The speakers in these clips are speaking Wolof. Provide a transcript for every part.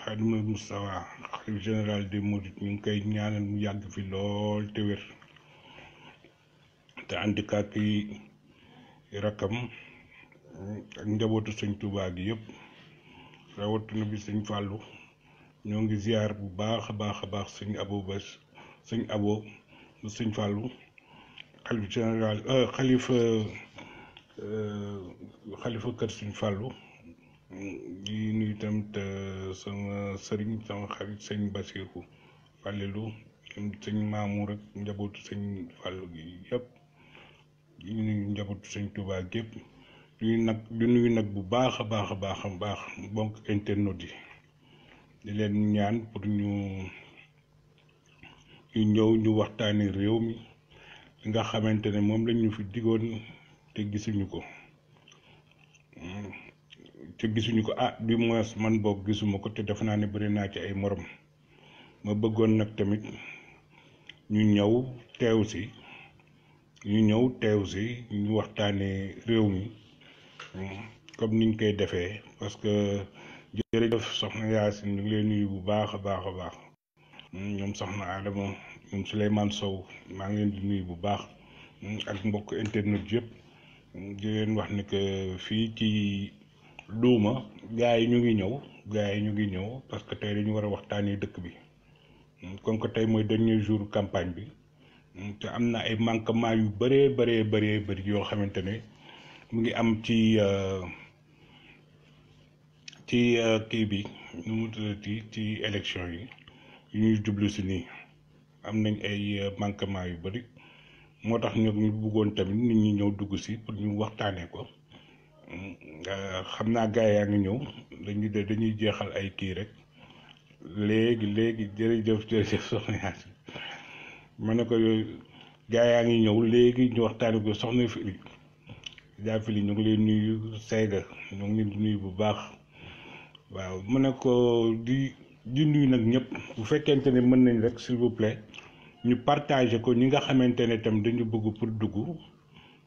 Xaadimal xalif général des Mourides ñu ngi koy ñaanal mu yàgg fi lool te wér te ànd ak rakkam ak njabootu sëñ Tuubaa gi yëpp rawatina bi sëñ Fàllu ñoo ngi ziar bu baax a baax a baax sëñ abo ba sëñ abo bu sëñ Fàllu xalif général euh, xalifa euh, xalifa kër sëñ Fàllu di nuyu tamit sama sëriñ sama xarit sëñ Basiru Fàllilu sëñ maamu rek njabootu sëñ Fàllu gi yëpp di nuyu njabootu sëñ Tuubaa gépp di nuyu nag nag bu baax a baax a baax a baax bonk internet yi di leen ñaan pour ñu ñu ñëw ñu waxtaani réew mi li nga xamante ne moom lañ ñu fi digoon te gisuñu ko. te gisuñu ko ah du moins man boog gisuma ko te defe naa ne bari naa ci ay morom ma bëggoon nag tamit ñu ñëw teew si ñu ñëw teew si ñu waxtaanee réew mi hmm, comme niñ koy defee parce que jërëjëf soxna Yaasin ñu ngi leen nuyu bu baax a baax a baax hmm, ñoom soxna Adama ñoom Souleymane Sow maa ngi leen di nuyu bu baax hmm, ak mbokk internet yëpp di wax ni que fii ci. duuma gars yi ñu ngi ñëw gars yi ñu ngi ñëw parce que tey dañu war a waxtaanee dëkk bi kon ko tey mooy dernier jour campagne bi te am na ay manquement yu bëree bëree bëree bëri yoo xamante ne mu ngi am ci euh, ci euh, kii bi nu mu tuddati ci élection yi yu jublu si nii am nañ ay euh, manquement yu bëri moo tax ñu buggoon tamit nit ñu ñëw dugg si pour ñu waxtaanee ko. xam naa gars yaa ngi ñëw dañuy dañuy jeexal ay kii rek léegi léegi jërëjëf jërëjëf soxna Yacine ma ne ko yooyu gars yaa ngi ñëw léegi ñu waxtaani ko soxna Fili yi Fili ñu ngi leen nuyu Seyda ñu ngi nuyu bu baax waaw mu ne ko di di nuyu nag ñëpp bu fekkente ne mën nañ rek s'il vous ñu partager ko ñi nga xamante ne tam dañu bëgg pour dugg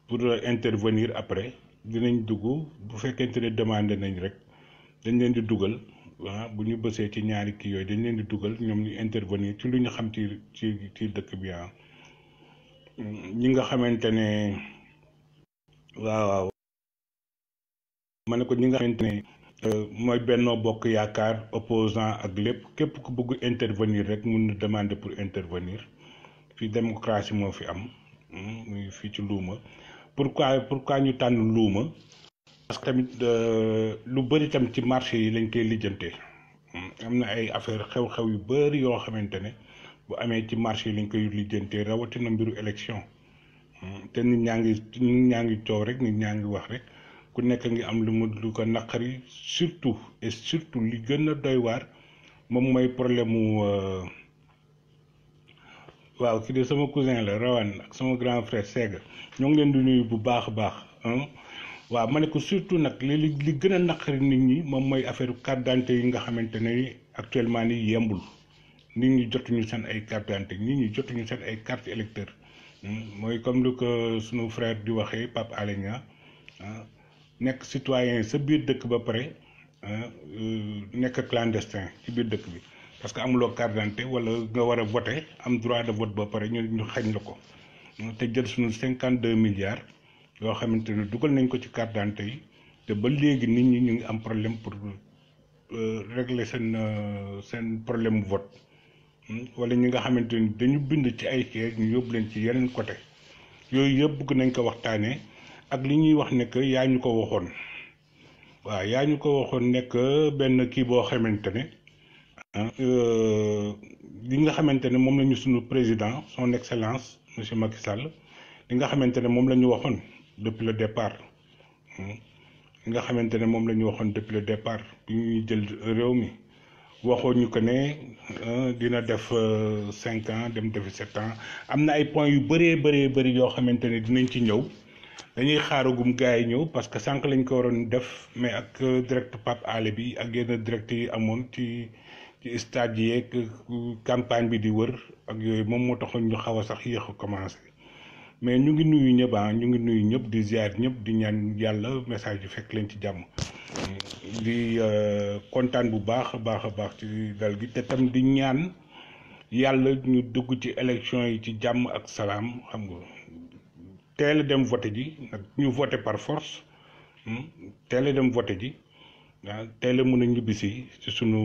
pour euh, intervenir après. dinañ dugg bu fekkente ne demandé nañ rek dañ leen di dugal ah bu ñu bësee ci ñaari kii yooyu dañ leen di dugal ñoom ñu intervenir ci lu ñu xam ci ci ci dëkk bi ah ñi nga xamante ne waaw waaw ma ne ko ñi nga xamante ne euh, mooy Benno Bokk Yaakaar opposant ak lépp képp ku bëgg intervenir rek mun na demander pour intervenir fii démocratie moo fi am hmm, muy fii ci luuma pourquoi pourquoi ñu tànn luuma parce que tamit euh, lu bëri tam ci marché yi lañ koy lijjante am na ay affaire xew-xew yu bëri yoo xamante ne bu amee ci marché yi lañ koy lijjante rawatina mbiru élection te nit ñaa ngi nit ñaa ngi coow rek nit ñaa ngi wax rek ku nekk ngi am lu mu lu ko naqari surtout et surtout li gën a doy waar moom mooy problème mu. Euh, waaw kii de sama cousin la rawan ak sama grand frère Sega ñoo ngi leen du nuyu bu baax a baax waaw ma ne ko surtout nag li li gën a naqari nit ñi moom mooy affaire carte d'identité yi nga xamante ne actuellement nii yembul nit ñi jotuñu seen ay carte d'identité nit ñi jotuñu seen ay carte électeur mooy comme lu ko suñu frère di waxee Pape Alé Niang nekk citoyen sa biir dëkk ba pare euh, nekk clandestin ci biir dëkk bi. parce que amuloo carte d'identité wala nga war a voter am droit de vote ba pare ñu ñu xañ la ko te jël suñu cinquante deux milliards yoo xamante ne dugal nañ ko ci carte d'identité yi te ba léegi nit ñi ñu ngi am problème pour euh, régler seen euh, seen problème vote hmm? wala ñi nga xamante ni dañu bind ci ay siège ñu yóbbu leen ci yeneen côté yooyu yëpp bëgg nañ ko waxtaanee ak li ñuy wax ne que yaa ñu ko waxoon waaw yaa ñu ko waxoon nekk benn kii boo xamante ne. Euh, li nga xamante ne moom lañu ñu suñu président son excellence monsieur Macky Sall li nga xamante ne moom la ñu waxoon depuis le départ li nga xamante ne moom la ñu waxoon depuis le départ bi ñuy jël réew mi waxoon ñu ko ne dina def euh, cinq ans dem defi sept ans am na ay points yu bëree bëree bëri yoo xamante ne dinañ ci ñëw dañuy xaaragum gars yi ñëw parce que sànq lañ ko waroon def mais ak euh, direct Pape Alé bi ak yenn direct yi amoon ci. ci stade yeeg campagne bi di wër ak yooyu moom moo taxoon ñu xaw a sax yéex a commencé mais ñu ngi nuyu ñëpp ah, ñu ngi nuyu ñëpp di ziar ñëpp di ñaan yàlla message yi fekk leen ci jàmm. di euh, kontaan bu baax a baax a baax ci dal gi te tam di ñaan yàlla ñu dugg ci élection yi ci jàmm ak salaam xam nga teel dem voté ji nag ñu voté par force hmm, teel dem voté ji. waaw tey la mën a ñibbisi ci suñu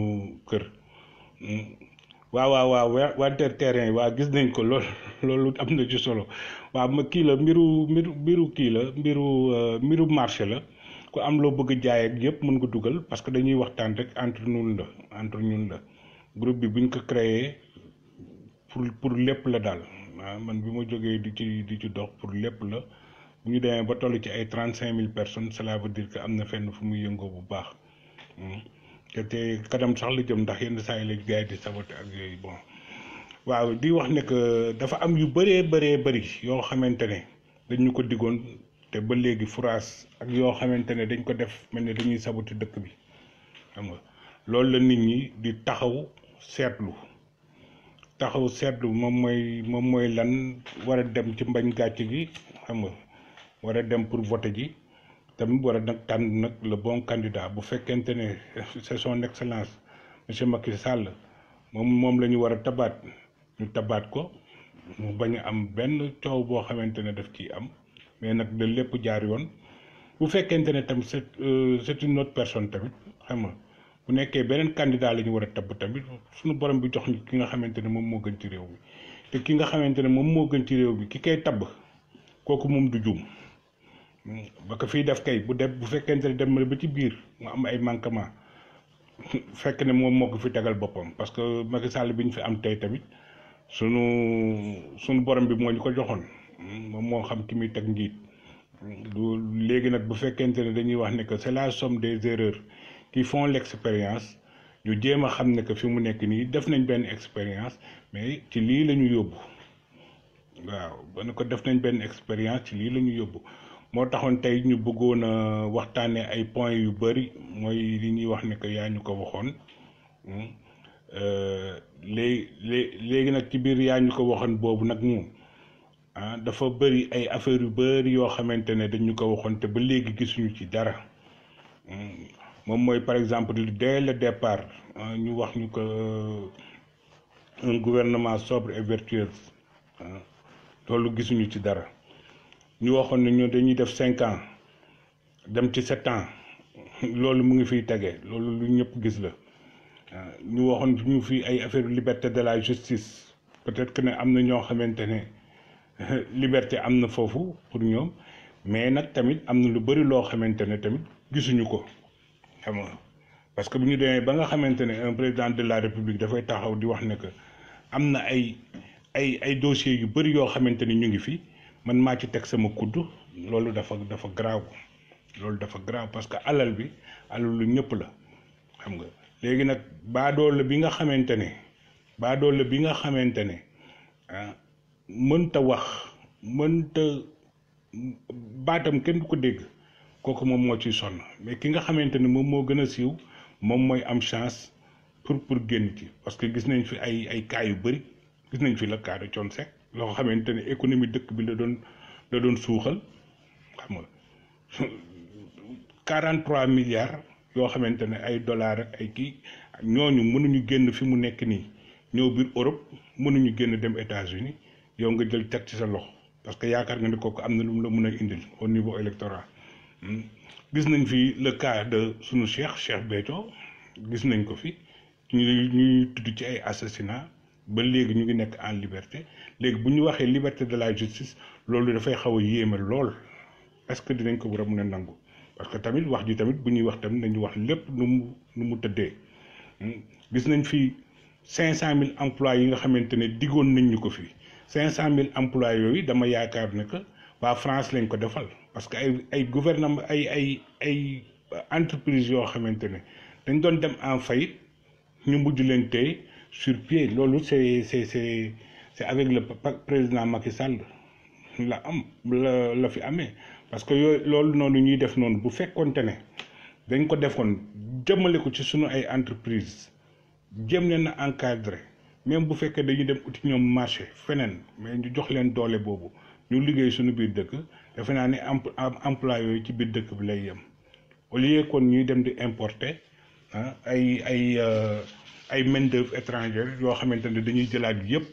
kër waaw waaw waaw wanteer terrain yi waaw gis nañ ko lool loolu am na ci solo waaw ma kii la mbiru mbiru mbiru kii la mbiru euh, mbiru marché la ko am loo bëgg jaay ak yëpp mën ko dugal parce que dañuy waxtaan rek entre ñun la entre ñun la groupe bi buñ ko créé pour pour lépp la daal waaw man bi ma jógee di ci di ci dox pour lépp la bu ñu demee ba toll ci ay trente cinq mille personnes cela veut dire que am na fenn fu muy yëngoo bu baax. Hmm. te te kanam sax la jëm ndax yenn saa yi lañ gars di sabote ak yooyu bon waaw di wax ne que dafa am yu bëree bëree bari yoo xamante ne dañ ñu ko diggoon te ba léegi France ak yoo xamante ne dañ ko def mel ne dañuy sabote dëkk bi xam nga loolu la nit ñi di taxaw seetlu taxaw seetlu moom mooy moom mooy lan war a dem ci mbañ gàcc gi xam nga war a dem pour voter ji. tamit war a nag tànn nag la bon candidat bu fekkente ne c'est son excellence monsieur Macky Sall moom moom la ñu war a tabaat ñu tabaat ko mu bañ am benn coow boo xamante ne daf ciy am mais nag da lépp jaar yoon bu fekkente ne tamit set euh, c'est une autre personne tamit xam nga bu nekkee beneen candidat la ñu war a tab tamit suñu borom bi jox ñu ki nga xamante ne moom moo gën ci réew mi te ki nga xamante ne moom moo gën ci réew mi ki koy tab kooku moom du juum. ba ko fiy def kay bu def bu fekkente ne dem na ba ci biir mu am ay manquement fekk ne moom moo ko fi tegal boppam parce que Macky Sall bi ñu fi am tey tamit sunu sunu borom bi moo ñu ko joxoon moom moo xam ki muy teg njiit du léegi nag bu fekkente ne dañuy wax ne que c'est la somme des erreurs qui font l'expérience ñu jéem a xam ne que fi mu nekk nii def nañ benn expérience mais ci lii la yóbbu waaw ba ne ko def nañ benn expérience ci lii la ñu yóbbu moo taxoon tey ñu bëggoon a waxtaanee ay points yu bëri mooy li ñuy wax ne que yaa ñu ko waxoon hmm. euh, léegi léegi nag ci biir yaa ñu ko waxoon boobu nag moom ah, dafa bëri ay affaire yu bëri yoo xamante ne dañu ko waxoon te ba léegi gisuñu ci dara hmm. moom mooy par exemple dès le départ ah, ñu wax ñu ko euh, un gouvernement sobre et vertueux ah, loolu gisuñu ci dara. ñu waxoon na ñoo dañuy def cinq ans dem ci sept ans loolu mu ngi fiy tege loolu lu ñëpp gis la ñu waxoon ñu fi ay affaire liberté de la justice peut-être que ne am na ñoo xamante ne liberté am na foofu pour ñoom mais nag tamit am na lu bëri loo xamante ne tamit gisuñu ko xam nga parce que bu ñu demee ba nga xamante ne un président de la république dafay taxaw di wax ne que am na ay ay ay dossiers yu bëri yoo xamante ne ñu ngi fi. man maa ci teg sama kudd loolu dafa dafa garaaw loolu dafa garaaw parce que alal bi alal lu ñëpp la xam nga léegi nag baadoole bi nga xamante ne baadoole bi nga xamante ne ah, mënta wax mënta baatam kenn du ko dégg kooku moom moo ciy sonn mais ki nga xamante ne moom moo gën a siiw moom mooy am chance pour pour génn ci parce que gis nañ fi ay ay cas yu bëri gis nañ fi la cas de Thione loo xamante ne économie dëkk bi la doon la doon suuxal xam nga 43 milliards yoo xamante ne ay dollars ak ay kii ñoo ñu mënuñu génn fi mu nekk nii ñëw biir Europe mënuñu génn dem États-Unis yow nga jël teg ci sa loxo parce que yaakaar nga ne kooku am na lu mu la mën a indil au niveau électoral hmm. gis nañ fi le cas de sunu Cheikh Cheikh Béthio gis nañ ko fi ñu ñuy tudd ci ay assassinat ba léegi ñu ngi nekk en liberté léegi bu ñu waxee liberté de la justice loolu dafay xaw a yéeme lool est-ce que dinañ ko war a mën a nangu parce que tamit wax ji tamit bu ñuy wax tamit nañu wax lépp nu mu nu mu tëddee hmm? gis nañ fi mille emplois yi nga xamante ne diggoon nañ ñu ko fii cinq fi mille emplois yooyu dama yaakaar ne que waa France lañ ko defal parce que ay ay gouvernement ay ay ay entreprise yoo xamante ne dañ doon dem en faillite ñu mujj leen tey. sur pied loolu c'est c'est c'est c'est avec le président Macky Sall la am la la fi amee parce que yooyu loolu noonu ñuy def noonu bu fekkoon te ne dañ ko defoon jëmmale ko ci sunu ay entreprise jëm leen na encadré même bu fekkee dañuy dem uti ñoom marché feneen mais ñu jox leen doole boobu ñu liggéey suñu biir dëkk defe naa ne emploi yooyu ci biir dëkk bi lay yem au lieu kon ñuy dem di importer ah ay ay. Euh, ay main d'œuvre étrangère yoo xamante ne dañuy jëlaat yëpp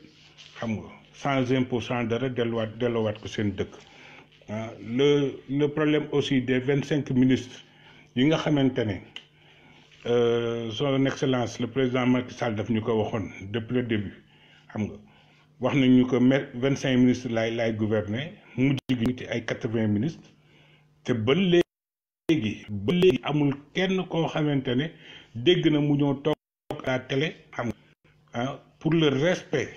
xam nga sans impôt sans dara delluwaat dellowaat ko seen dëkk ah le problème aussi des vingt cinq ministres yi nga xamante ne euh, son excellence le président Macky Sall daf ñu ko waxoon depuis le début xam nga wax nañ ñu ko vingt cinq ministres laay laay gouverner mujj gi ñu ci ay quatre vingt ministres te ba léegi ba léegi amul kenn koo xamante ne dégg na mu ñoo toog la télé xam ah, pour le respect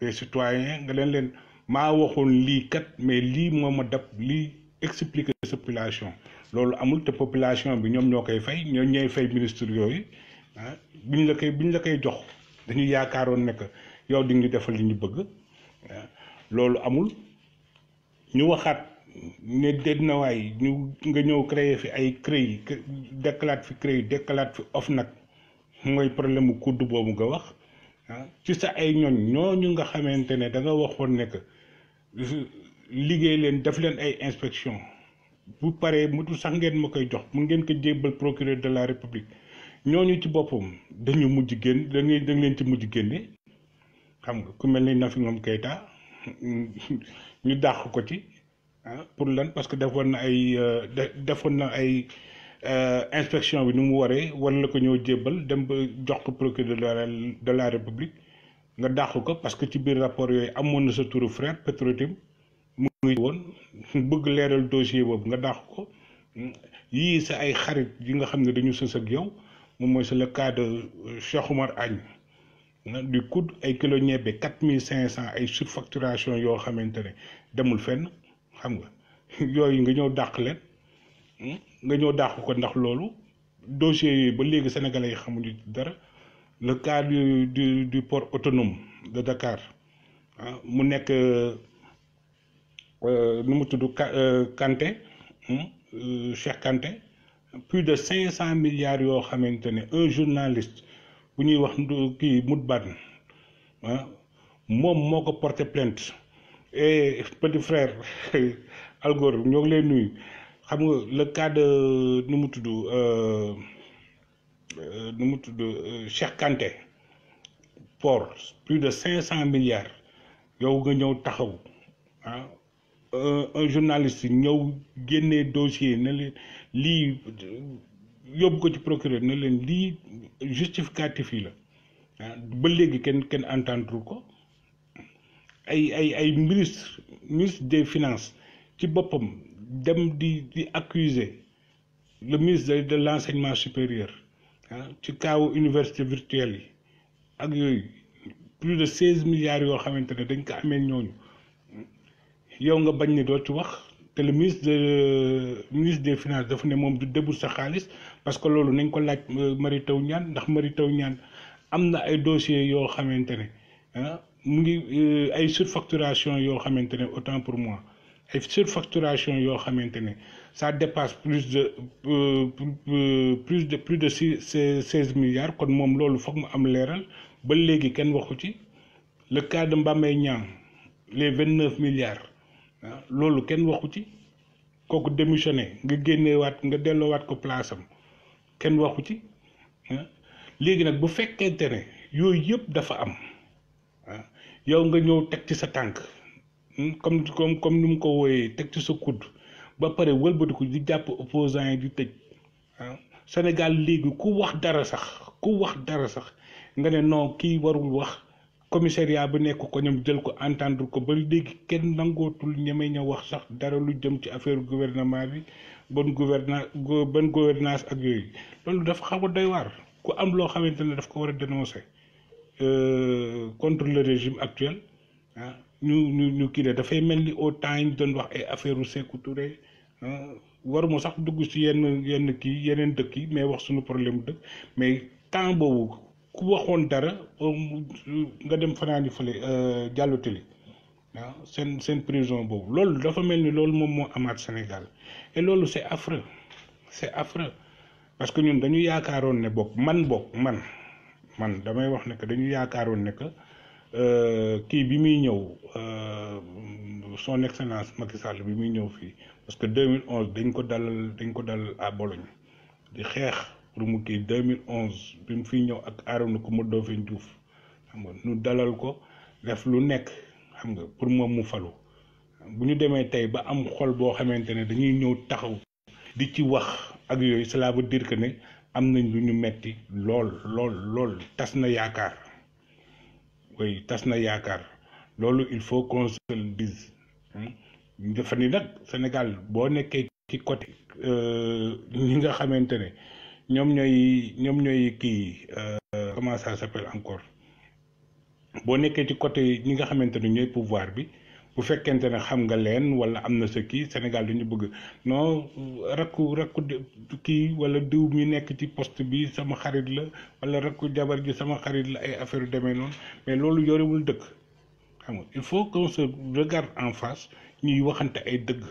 des citoyens nga leen leen maa waxoon lii kat mais lii moom ma dab lii expliquer sa population loolu amul te population bi ñoom ñoo koy fay ñoom ñooy fay ministre yooyu ah bi ñu la koy bi ñu la koy jox dañu yaakaaroon ne que yow di ñu defal li ñu bëgg ah, loolu amul ñu waxaat ne déet na waay ñu nga ñëw créer fi ay CREI dekkalaat fi CREI dekkalaat fi OFNAC nag mooy problème mu kudd boobu nga wax ah, ci sa ay ñoñ ñooñu nga xamante ne da nga waxoon ne que liggéey leen def leen ay inspection bu paree mutu sax ngeen ma koy jox mun ngeen ko jébbal procureur de la république ñooñu ci boppam dañu mujj génn dañuy dañ leen ci mujj génne xam nga ku mel ni Nafi Ngom Keïta ñu dàq ko ci ah pour lan parce que defoon na ay euh, defoon na ay. Euh, inspection bi ni mu waree war la ko ñëw jébbal dem ba jox ko procureur de la république nga dàq ko parce que ci biir rapport yooyu amoon na sa tour frère Petrotim mu ngi woon bëgg leeral dossier boobu nga dàq ko yii sa ay xarit yi nga xam ne dañu sës yow moom mooy c'est le cas de Cheikh Oumar Agne du coup ay kilo ñebbe quatre mille cinq cent ay surfacturation yoo xamante ne demul fenn xam nga yooyu nga ñëw dàq leen. nga ñëw dàq ko ndax loolu dossier ba léegi sénégalais yi xamuñu dara le cas du du du port autonome de Dakar ah, mu nekk euh, nu mu tudd euh, Kanté hmm, euh, Cheikh Kanté plus de cinq cent milliards yoo xamante ne un journaliste bu ñuy wax kii Moutbane ah moom moo ko porté plainte et petit frère Algor ñoo ngi lay nuyu. xam nga le cas de nu mu tudd euh, euh, nu mu tudd euh, Cheikh kante port plus de cinq cent milliards yow nga ñëw taxaw ah un journaliste ñëw génnee dossier na leen lii yóbbu ko ci procureur na leen lii justificatif yi la ah, ba léegi kenn kenn entendre ko ay ay ay ministre ministre des finances ci boppam dem di di accuser le ministre de l'enseignement supérieur ah ci kaawu université virtuelle yi ak yooyu plus de seize milliards yoo xamante ne dañ ko amee ñooñu yow nga bañ ni doo ci wax te le ministre de ministre des finances dafa ne moom du début sa xaalis parce que loolu nañ ko laaj euh, Mary Teuw Niane ndax Mary Teuw Niane am na ay dossiers yoo xamante ne ah mu ngi euh, ay surfacturation yoo xamante ne autant pour moi ay surfacturation yoo xamante ne ça dépasse plus de euh, plus de plus de six seize milliards kon moom loolu foog mu am leeral ba léegi kenn waxu ci le cas de Mbaye Niang les vingt neuf milliards ah, loolu kenn waxu ci kooku démissionné nga génneewaat nga delloo waat ko place kenn waxu ci ah. léegi nag bu fekkente ne yooyu yëpp dafa am ah, yow nga ñëw teg ci sa tànk. Hmm, comme comme comme ni mu ko wooyee teg ci sa kudd ba pare wëlbatiku di jàpp opposants yi di tëj ah, Sénégal léegi ku wax dara sax ku wax dara sax nga ne non kii warul wax commissariat bi nekk ko ñoom jël ko entendre ko ba léegi kenn nangootul ñeme ña wax sax dara lu jëm ci affaire gouvernement bi bonne gouvernance bonne gouvernance ak yooyu loolu dafa xaw a doy waar ku am loo xamante ne daf ko war a dénoncer euh, contre le régime actuel ah ñu ñu ñu kii dafay mel ni au temps doon wax ay affaire u Sékou Touré waruma sax dugg ci yenn yenn kii yeneen dëkk yi mais wax suñu problème dëkk mais temps boobu ku waxoon dara um, nga dem fanaani fële jàllutali euh, waaw seen seen prison boobu loolu dafa mel ni loolu moom moo amaat Sénégal et loolu c'est affreux c'est affreux parce que ñun dañu yaakaaroon ne bokk man bokk man man damay wax ne que dañu yaakaaroon ne Euh, kii bi muy ñëw euh, son excellence Macky bi muy ñëw fii parce que 2011 dañ ko dalal dañ ko dal à Bologne di xeex pour mu kii 2011 bi mu fiy ñëw ak Arouna Coumba Ndoffène Diouf xam nga ñu dalal ko def lu nekk xam nga pour moom mu falu bu ñu demee tey ba am xol boo xamante ne dañuy ñëw taxaw di ci wax ak yooyu cela veut dire que ne am nañ lu ñu metti lool lool lool tas na yaakaar. oui tas na yaakaar loolu il faut qu'on se le dise dafa ni nag Sénégal boo nekkee ci côté yi euh, nga xamante ne ñoom ñooy ñoom ñooy kii euh, comment ça s'appelle encore boo nekkee ci côté ñi nga xamante ni ñooy pouvoir bi bu fekkente ne xam nga leen wala am na sa kii Sénégal du ñu bëgg non rakku rakku kii wala diw mi nekk ci post bi sama xarit la wala rakku jabar ji sama xarit la ay affaire yu demee noonu mais loolu yorewul dëkk xam nga il faut qu'on sa regarde en face ñuy waxante ay dëgg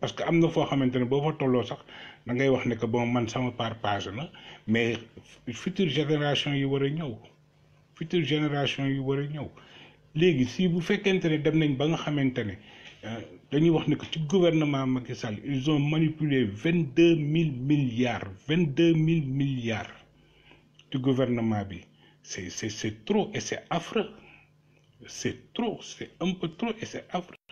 parce que am na foo xamante ne boo fa tolloo sax da ngay wax ne que bon man sama par page na mais future génération yi war a ñëw future génération yi war a ñëw léegi si bu fekkente ne dem nañ ba nga xamante ne euh, dañuy wax ne que ci gouvernement Macky Sall ils ont manipulé vingt deux mille milliards vingt deux mille milliards ci gouvernement bi c'est c'est c'est trop et c'est affreux c'est trop c'est un peu trop et c'est affreux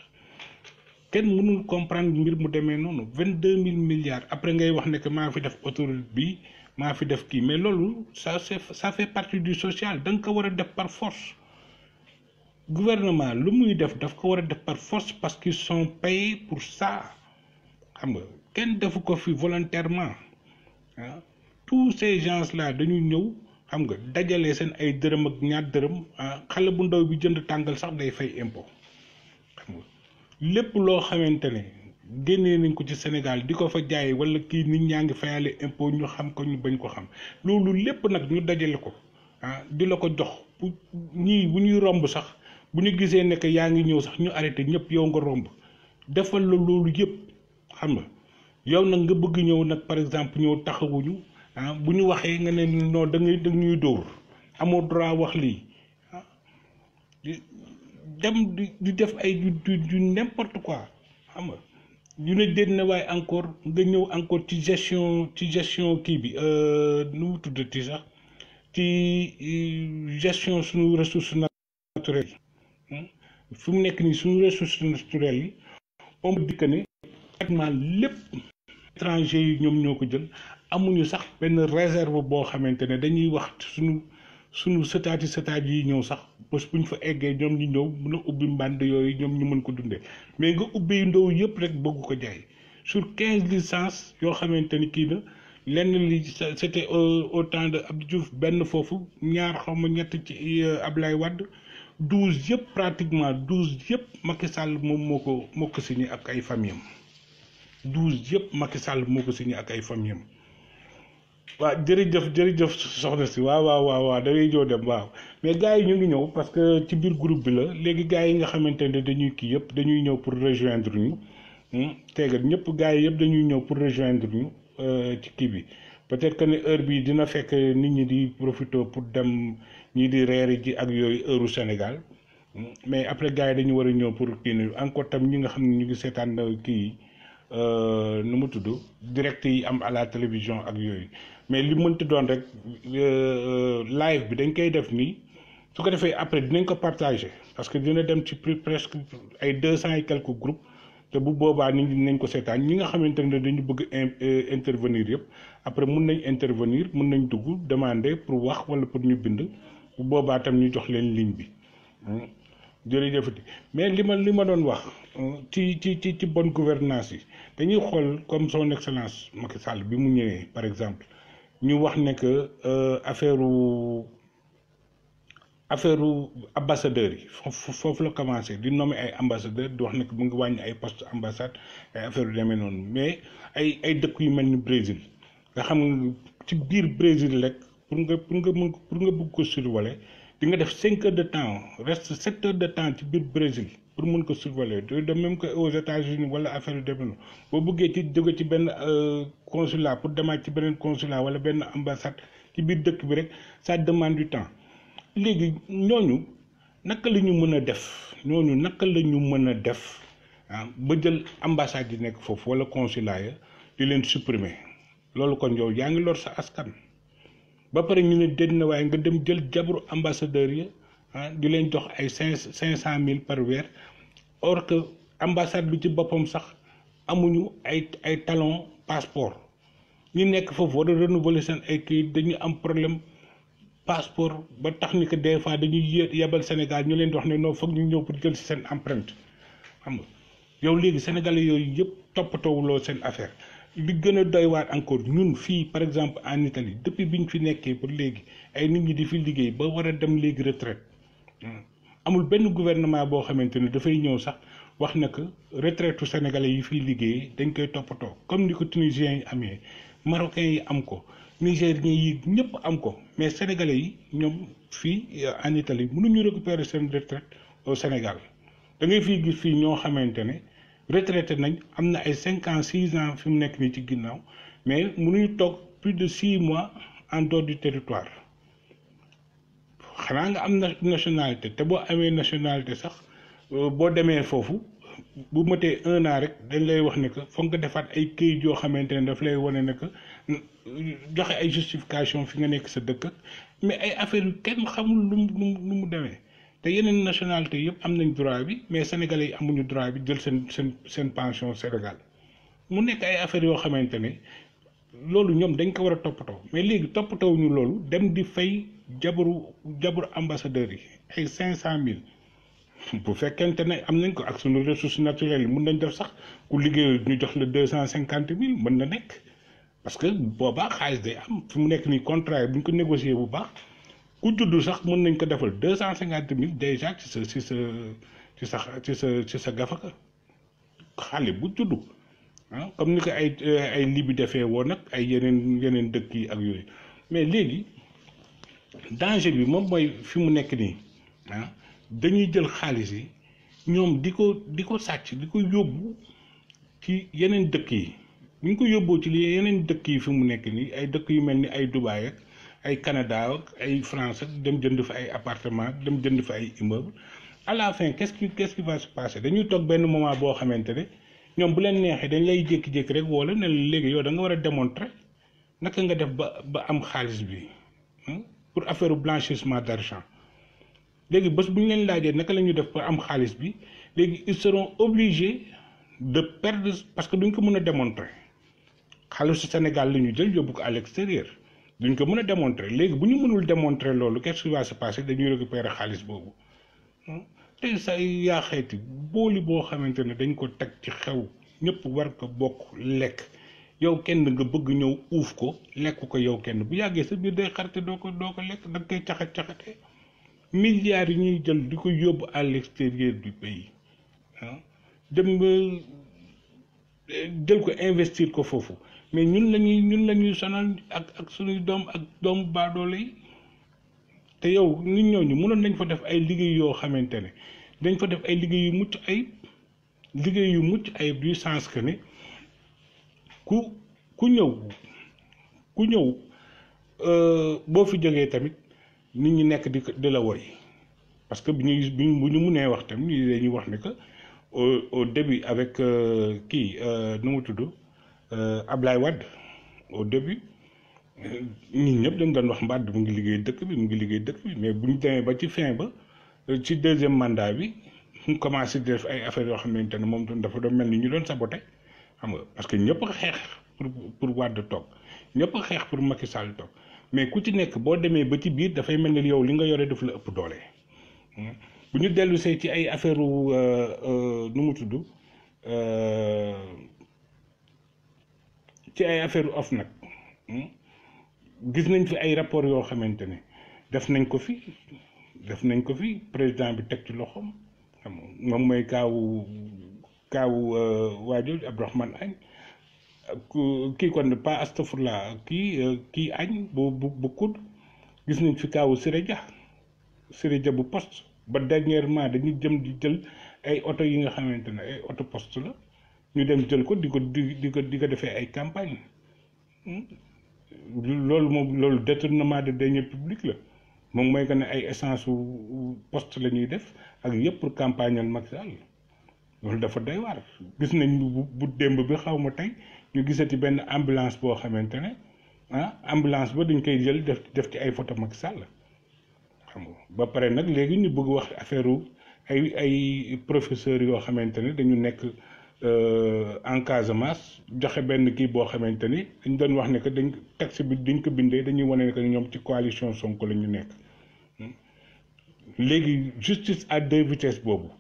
kenn mënul comprendre mbir mu demee noonu vingt deux mille milliards après ngay wax ne que maa fi def autoroute bi maa fi def kii mais loolu sa c'est sa fait partie du sociale da nga ko war a def par force gouvernement lu muy def daf ko war a def par force parce que son payés pour ça xam nga kenn defu ko fi volontairement ah tous ces gens là dañu ñëw xam nga dajale seen ay dërëm ak ñaar dërëm ah. xale bu ndaw bi jënd tàngal sax day fay impo xam nga lépp loo xamante ne génnee nañ ko ci Sénégal di ko fa jaay wala kii nit ñaa ngi fayale impôt ñu xam ko ñu bañ ko xam loolu lépp nag ñu dajale ko ah di la ko jox bu ñii bu ñuy romb sax. bu ñu gisee ne que yaa ngi ñëw sax ñu arrêté ñëpp yow nga romb defal la loolu yëpp xam na yow nag nga bëgg ñëw nag par exemple ñëw taxawuñu ah bu ñu waxee nga ne non da ngay da ñuy dóor amoo droit wax lii ah, dem di def ay du du n'importe quoi xam nga ñu ne déet waaye encore nga ñëw encore ci gestion ci gestion kii bi euh, nu mu tuddati sax ci euh, gestion sunu ressource naturelle fu mu nekk nii suñu ressources naturelles yi on peut dire que ne pratiquement lépp étranger yi ñoom ñoo ko jël amuñu sax benn réserve boo xamante ne dañuy wax suñu suñu sëtaati sëtaat yi ñëw sax bés bu ñu fa eggee ñoom ñu ñëw mën a ubbi mbànd yooyu ñoom ñu mën ko dundee mais nga ubbi ndaw yëpp rek bëgg ko jaay sur quinze licences yoo xamante ni kii na lenn li c'était au temps de Abdou Diouf benn foofu ñaar xaw ma ñett ci euh, Ablaye wadd douze yëpp pratiquement douze yëpp Macky sàll moom moo ko moo ko signé ak ay famiyam douze yëpp Macky sàll moo ko signé ak ay famiyam waaw jërëjëf jërëjëf soxna si waaw waaw waaw waaw dangay joo dem waaw mais gars yi ñu ngi ñëw parce que ci biir group bi la léegi gars yi nga xamante ne dañuy kii yëpp dañuy ñëw pour rejoindre ñu hmm, teegal ñëpp gars yi yëpp dañuy ñëw pour rejoindre ñu euh, ci kii bi peut-être que ne heure bii dina fekk nit ñi di profito pour dem ñii di reeri ji ak yooyu heure Sénégal mais après gars yi dañu war a ñëw pour kii nii encore tam ñi nga xam ne ñu ngi seetaan kii yi euh, nu mu tudd direct yi am à la télévision ak yooyu mais li mënti doon rek euh, live bi dañ koy def nii su ko defee après dinañ ko partager parce que dina dem ci plus presque ay deux cent et quelques groupes. te bu boobaa ni ñi nañ ko seetaan ñi nga xamante ne dañu bëgg euh, intervenir yëpp après mun nañ intervenir mun nañ dugg demander pour wax wala pour ñu bind bu boobaa tam ñu jox leen ligne bi hmm. jërëjëfati mais li ma li ma doon wax hmm, ci ci ci ci bonne gouvernance yi dañuy xool comme son excellence Macky Sall bi mu ñëwee par exemple ñu wax ne que euh, affaire affaire ambassadeurs yi foofu la commencé di nommer ay ambassadeurs di wax ne mu ngi wàññi ay poste ambassade ay affaire yu noonu mais ay ay dëkk yu mel ni Brésil nga xam nga ci biir Brésil rek pour nga pour nga mun pour nga bëgg ko survoler di nga def cinq heures de temps reste sept heures de temps ci biir Brésil pour mun ko survoler de même que aux États-Unis wala affaire yu demee noonu boo bëggee ci jóge ci benn euh, consulat pour demaat ci beneen consulat wala benn ambassade ci biir dëkk bi rek ça demande du temps. léegi ñooñu naka la ñu mën a def ñooñu naka la ñu mën a def ah ba jël ambassade yi nekk foofu walla consulat ya di leen supprimer loolu kon yow yaa ngi lor sa askan ba pare ñu ne déet na waaye nga dem jël jabaru ambassadeur yi ah di leen jox ay cinq cinq cent mille par weer or que ambassade bi ci boppam sax amuñu ay ay talon passeport ñi nekk foofu war a renouveler seen ay kii dañu am problème passeport ba tax ni que des fois dañuy yebal Sénégal ñu leen di wax ne noo foog ñu ñëw pour jël si seen empreinte xam yow léegi sénégalais yooyu yëpp toppatoowuloo seen affaire li gën a doy waar encore ñun fii par exemple en Italie depuis bi ñu fi nekkee pour léegi ay nit ñi di fi liggéey ba war a dem léegi retraite hmm. amul benn gouvernement boo xamante ni dafay ñëw sax wax na que retraite sénégalais yi fiy liggéey dañ koy toppatoo comme ni ko tunisiens yi amee marocains yi am ko. nigériens yi ñëpp am ko mais sénégalais yi ñoom fii en Italie mënuñu récupérer seen retraite au Sénégal da ngay fii gis fii ñoo xamante ne retraité nañ am na ay cinq ans six ans fi mu nekk nii ci ginnaaw mais mënuñu toog plus de six mois en dehors du territoire xanaa nga am na nationalité te boo amee nationalité sax euh, boo demee foofu bu matee un an rek dañ lay wax ne que foog nga defaat ay këyit yoo xamante ne daf lay wane ne que joxe ay justification fi nga nekk sa dëkk mais ay affaire yu kenn xamul lu mu mu demee te yeneen nationalité yëpp am nañ droit bi mais sénégalais yi amuñu droit bi jël seen seen seen pension Sénégal mu nekk ay affaire yoo xamante ne loolu ñoom dañ ko war a toppatoo mais léegi toppatoo ñu loolu dem di fay jabaru jabaru ambassadeurs yi ay cinq cent mille bu fekkente ne am nañ ko ak suñu ressources naturelles yi mun nañ def sax ku liggéeyul ñu jox la deux cent cinquante mille mën na nekk. parce que boobaa xaalis day am fi mu nekk nii contrat bu ñu ko négocier bu baax ku juddu sax mën nañ ko defal deux cent cinquante mille déjà ci sa ci sa ci sa ci sa ci sa gafaka xale bu juddu ah comme ni ko ay euh, ay libi defee woo nag ay yeneen yeneen dëkk yi ak yooyu mais léegi danger bi moom mooy fi mu nekk nii ah dañuy jël xaalis yi ñoom di ko di ko sàcc di ko yóbbu ci yeneen dëkk yi. bu ñu ko yóbboo ci li yeneen dëkk yi fi mu nekk nii ay dëkk yu mel ni ay Dubaay ak ay Canada ak ay France ak dem jënd fa ay appartement dem jënd fa ay immeuble à la fin qu'est-ce qui que ce qui va se passer dañuy toog benn moment boo xamante ne ñoom bu leen neexee dañ lay jékki-jékki rek woo la ne léegi yow da nga war a démontrer naka nga def ba ba am xaalis bi hmm, pour affaire blanchissement d'argent léegi bés bu ñu leen laajee naka la ñuy def ba am xaalis bi léegi ils seront obligés de parce que duñ ko mën a démontrer. xaalisu senegal la ñu jël yóbbu ko à l'extérieur duñ ko mën a démontrer léegi bu ñu mënul démontrer loolu qu'est-ce qui va se passer dañuy récupérer xaalis boobu hmm? te sa yaa xeeti booli boo xamante ne dañ ko teg ci xew ñëpp war ko bokk lekk yow kenn nga bëgg ñëw uuf ko lekk ko yow kenn bu yàggee sa biir day xarte doo ko doo ko lekk da nga koy caxat caxate milliards yi ñuy jël di ko yóbbu à l'extérieur du pays ah dem nga eh, jël ko investir ko foofu mais ñun lañuy ñun lañuy sonal ak ak suñuy doom ak doomu baadoole yi te yow nit ñooñu mënoon nañ fa def ay liggéey yoo xamante ne dañ fa def ay liggéey yu mucc ayib liggéey yu mucc ayib du sens que ne ku ku ñëw ku ñëw euh, boo fi jógee tamit nit ñi nekk di di la woy parce que bi ñu bu ñu mënee wax tamit dañuy wax ne que au au début avec euh, kii euh, nu mu tudd. ab euh, Ablaye Wade au début ñun ñëpp dañ doon wax Mbàdd mu ngi liggéey dëkk bi mu ngi liggéey dëkk bi mais bu ñu demee ba ci fin ba ci deuxième mandat bi mu commencé def ay affaires yoo xamante ne moom dafa doon mel ni ñu doon saboté xam nga parce que ñëpp xeex pour pour Wade toog ñëpp xeex pour Macky Sall toog mais ku ci nekk boo demee ba ci biir dafay mel na ni yow li nga yore daf la ëpp doole bu ñu dellusee ci ay affaires euh, euh, nu mu tudd. ci ay affaire of nag hmm? gis nañ fi ay rapport yoo xamante ne def nañ ko fi def nañ ko fi président bi teg ci loxoom xam moom mooy kaawu kaawu euh, waajur Abdourahmane Agne kii kon pas astafurla kii euh, kii Agne bu bu bu kudd gis nañ fi kaawu Siré Dia bu post ba dernièrement dañu jëm di jël ay oto yi nga xamante ne ay oto post la ñu dem jël ko di ko di ko di ko defee ay campagne hmm? loolu moom loolu détournement de deniers publics la moom mooy que ne ay essence su post la ñuy def ak yëpp pour campagnal Macky Sall loolu dafa doy waar gis nañ bu démb bi xaw ma tey ñu gisati benn ambulance boo xamante ne ah ambulance ba dañ koy jël def def ci ay photo Macky Sall xam nga ba pare nag léegi ñu bëgg wax affaire ay ay professeurs yoo xamante ne dañu nekk. Euh, en Casamance joxe benn kii boo xamante ni dañ doon wax ne que dañ texte bi dañ ko bindee dañuy wane ne que ñoom ci coalition sonk la ñu nekk léegi justice à deux vitesses boobu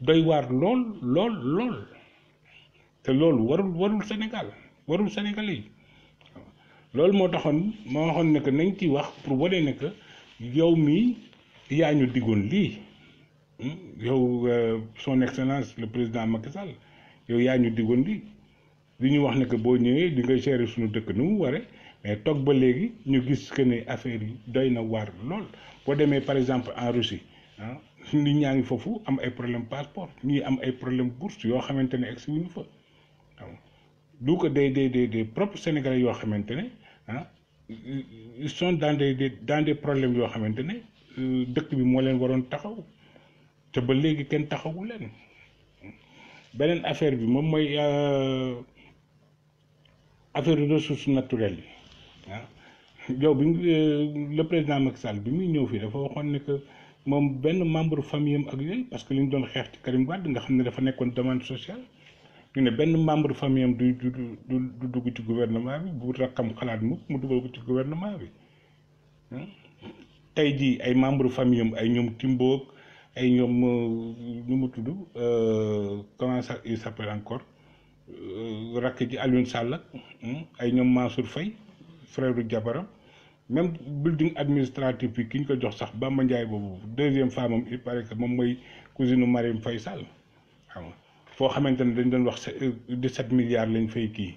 doy waar lool lool lool te loolu warul warul Sénégal warul Sénégal loolu moo taxoon moo waxoon ne que nañ ci wax pour wane ne que yow mii yaa ñu diggoon lii hmm? yow euh, son excellence le président Macky Sall yow yaa ñu digoon di li ñu wax ne que boo ñëwee di ngay gérer suñu dëkk nu mu waree mais toog ba léegi ñu gis que ne affaire yi doy na waar lool boo demee par exemple en Russie ah nit ñaa ngi foofu am ay problème passeport ñu am ay problème bourse yoo xamante ne egsi wuñu fa waaw du ko day day day des propres sénégalais yoo xamante ne ah ils sont dans des problèmes yoo xamante ne euh, dëkk bi moo leen waroon taxaw te ba léegi kenn taxawu leen. beneen affaire bi moom mooy euh, affaire ressources naturelles yi ah yow bi euh, le président Macky Sall bi muy ñëw fii dafa waxoon ne que moom benn membre famille am ak yooyu parce que li ñu doon xeex ci Karim Wade nga xam ne dafa nekkoon demande sociale ñu ne benn membre famille am du du du dugg ci gouvernement bi bu rakkam xalaat mukk mu dugal ko ci gouvernement bi ah. tey jii ay membre famille am ay ñoom timbook ay ñoom ñu euh, mu tudd euh, comment ça il s'appelle encore euh, rakk ji Alioune Sall hmm, ay ñoom Mansour Faye frère du jabaram même building administratif bi ki ñu ko jox sax Bamba Ndiaye boobu deuxième femme am il paraît que moom mooy cousine u Marième Faye Sall xam nga foo xamante ne dañ doon wax 17 milliards lañ fay kii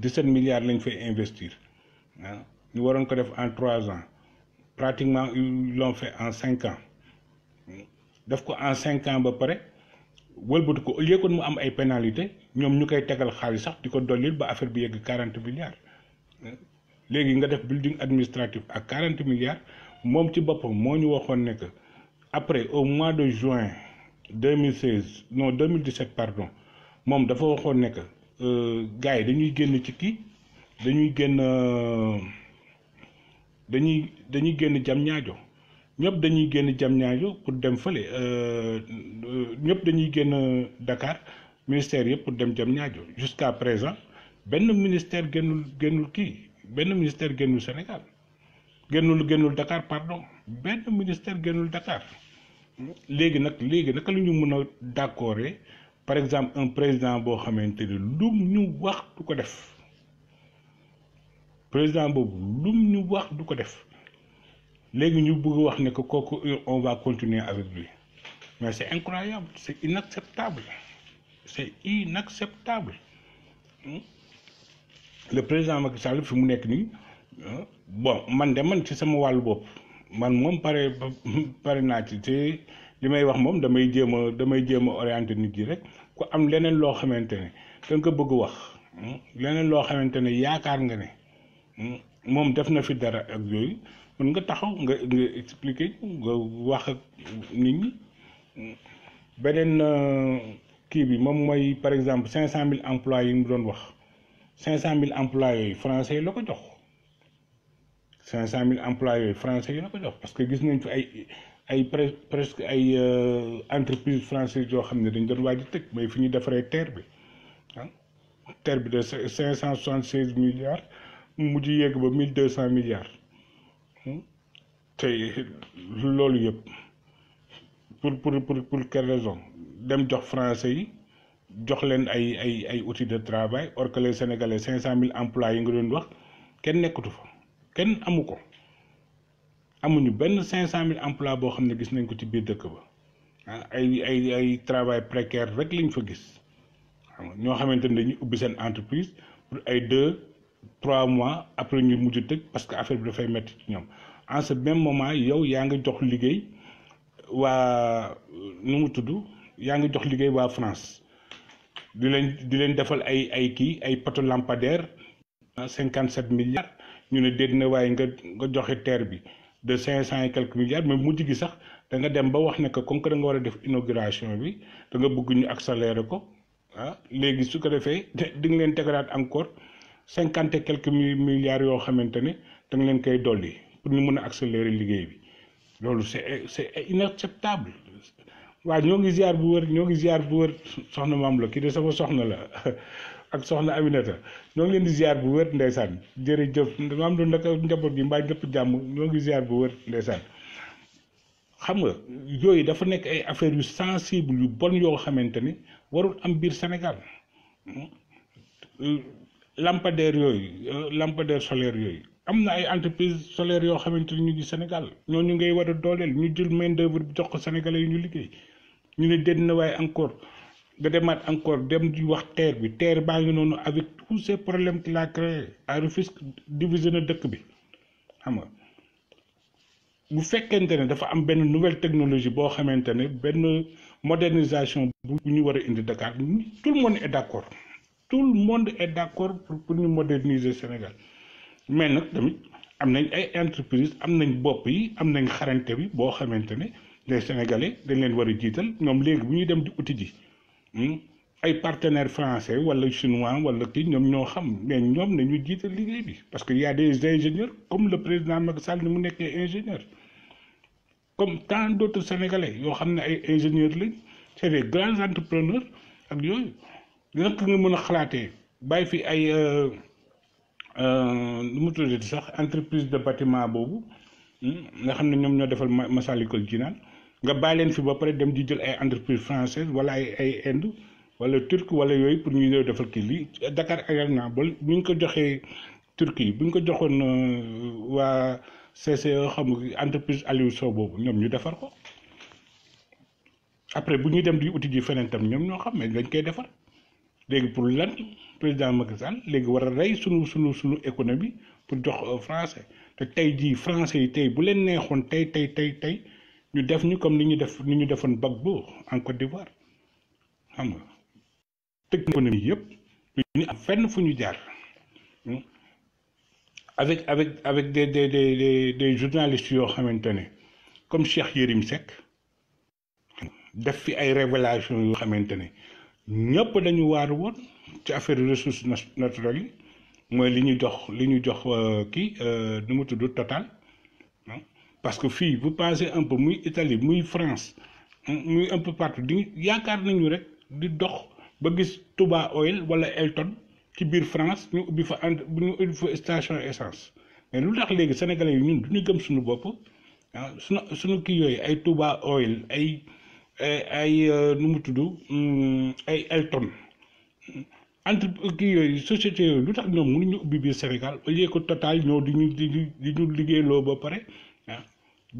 17 milliards lañ fay investir waaw ah, ñu waroon ko def en trois ans. pratiquement ils l'ont fait en cinq ans def ko en cinq ans ba pare wëlbatu ko au lieu kon mu am ay pénalité ñoom ñu koy tegal xaalis sax di ko dollil ba affaire bi yegg quarante milliards léegi nga def building administratif ak quarante milliards moom ci boppam moo ñu waxoon ne que après au mois de juin deux mille seize non deux mille dix sept pardon moom dafa waxoon ne que euh, gars yi dañuy génn ci kii dañuy génn. Euh, dañuy dañuy génn jam ñaajo ñëpp dañuy génn jam ñaajo pour dem fële euh, euh, ñëpp dañuy génn Dakar ministère yëpp pour dem jam ñaajo jusqu'à présent benn ministère génnul génnul kii benn ministère génnul Sénégal génnul génnul Dakar pardon benn ministère génnul Dakar léegi nag léegi nag la ñu mën a d'accord par exemple un président boo xamante ni lu ñu wax du ko def président boobu lum ñu wax du ko def léegi ñu bëgg wax ne que kooku on va continuer avec lui mais c'est incroyable c'est inacceptable c'est inacceptable hmm? le président Macky Sall fi mu nekk nii bon man de man ci sama wàllu bopp man moom pare pare naa ci te li may wax moom damay jéem a damay jéem a orienter nit yi rek ku am leneen loo xamante ne da ko bëgg wax hmm? leneen loo xamante ne yaakaar nga ne. moom def na fi dara ak yooyu mën nga taxaw nga nga expliquer nga wax ak nit ñi beneen euh, kii bi moom mooy par exemple cinq cent mille emplois yi mu doon wax cinq cent mille emplois yooyu français yi la ko jox cinq cent mille emplois yooyu français yi la ko parce que gis nañ fi ay ay presque ay euh, entreprise française yoo xam ne dañ doon waaj a tëj mooy fi ñu defaree terre bi ah terre bi de cinq cent soixante seize milliards mu mujj yegg ba mille deux cent milliards te loolu yëpp pour pour pour pour quelle raison dem jox français yi jox leen ay ay ay outils de travail or que cinq cent mille emplois yi nga doon wax kenn nekkatu fa kenn amu ko amuñu benn cinq cent mille emplois boo xam ne gis nañ ko ci biir dëkk ba ah ay ay ay travail précaire rek lañ fa gis xam nga ñoo xamante ne dañuy ubbi seen entreprise pour ay deux trois mois après ñu mujj tëj parce que affaire bi dafay métti ñoom en ce même moment yow yaa ngi jox liggéey waa nu mu tudd yaa ngi jox liggéey waa France di leen di leen defal ay ay kii ay poteau lampadaire cinquante sept milliards ñu ne déet na waaye nga nga joxe terre bi de cinq cent et quelques milliards mais mujj gi sax da nga dem ba wax ne que comme que da nga war a def inauguration bi da nga bëgg ñu accélérer ko ah léegi su ko defee di nga leen tegalaat encore. cinquante et quelques milliards yoo xamante ne da nga leen koy dolli pour ñu mën a accélérer liggéey bi loolu c' est c' inacceptable waaw ñoo ngi ziar bu wër ñoo ngi ziar bu wër soxna maam la kii de sama soxna la ak soxna Aminata ñoo ngi leen di ziar bu wër ndeysaan jërëjëf maam lu naka njaboot gi mbaa ñëpp jàmm ñoo ngi ziar bu wër ndeysaan xam nga yooyu dafa nekk ay affaires yu sensible yu bon yoo xamante ni warul am biir Sénégal. lampadaire yooyu euh, lampadaire solaire yooyu am na ay entreprise solaire yoo xamante ni ñu ngi Sénégal ñu ngay war a dooleel ñu jël main d'œuvre bi jox ko sénégalais ñu liggéey ñu ne déet na waaye encore nga demaat encore dem di wax teer bi terre baa ngi noonu avec tous ces problèmes la a créé à Rufisque dëkk bi xam bu fekkente ne dafa am benn nouvelle technologie boo xamante ne benn modernisation bu ñu war a indi Dakar tout le monde est d'accord. tout le monde et d'accord pour pour ñu moderniser Sénégal mais na tamit am nañ ay entreprise am nañ bopp yi am nañ xarante bi boo xamante ne les sénégalais dañ leen war a jiital ñoom léegi bu ñuy dem di uti ji hmm, ay partenaires français wala chinois wala kii ñoom ñoo xam mais ñoom nañu jiital liggéey bi parce que y des ingénieurs comme le président mag Sall ni mu nekkee ingénieur comme temps d'autres sénégalais yoo xam ne ay ingénieurs lañ c'est des grandes entrepreneurs ak yooyu. li nag nga mën a xalaatee bàyyi fi ay lu euh, euh, mu tuddati sax entreprise de batiment boobu hmm, nga xam ne ñoom ñoo defal Massalikul naan nga bàyyi leen fi ba pare dem di jël ay entreprise française wala ay ay Inde wala turc wala yooyu pour ñu ñëw defal kii lii Dakar Arena ba ñu ngi ko joxee Turquie bu ñu ko joxoon euh, waa CCE xam nga entreprise Aliou Sow boobu ñoom ñu defar ko après bu ñuy dem di uti ji feneen tam ñoom ñoo xam mais dañ koy defar. léegi pour lan président Macky léegi war a rey sunu sunu sunu économie pour jox euh, français te tey jii français yi tey bu leen neexoon tey tey tey tey ñu def ñu comme ni ñu def ni ñu defoon Gbagbo en Côte d'Ivoire xam nga tëj économie yëpp ni am fenn fu ñu jaar hmm? avec avec avec de des des des journalistes yoo xamante ne comme Cheikh Yérim Seck def fi ay révélation yoo xamante ne ñëpp dañu waar woon ci affaire ressources naturelles yi mooy li ñu jox li ñu jox euh, kii euh, nu mu tudd total parce que fii bu pensez un peu muy Italie muy France muy un peu partout di yaakaar nañu rek di dox ba gis Touba Oil wala Elton ci biir France ñu ubbi fa ent ñu ubbi fa station essence mais lu tax léegi sénégalais yi ñun du ñu gëm suñu bopp ah suñu suñu kii yooyu ay Touba Oil ay. ay euh, nu mu tudd mm, ay Elton entre kii yooyu société yooyu lu tax ñoom mënuñu ubbi biir Sénégal au lieu que Total ñoo di ñu di di ñu liggéeyloo ba pare ah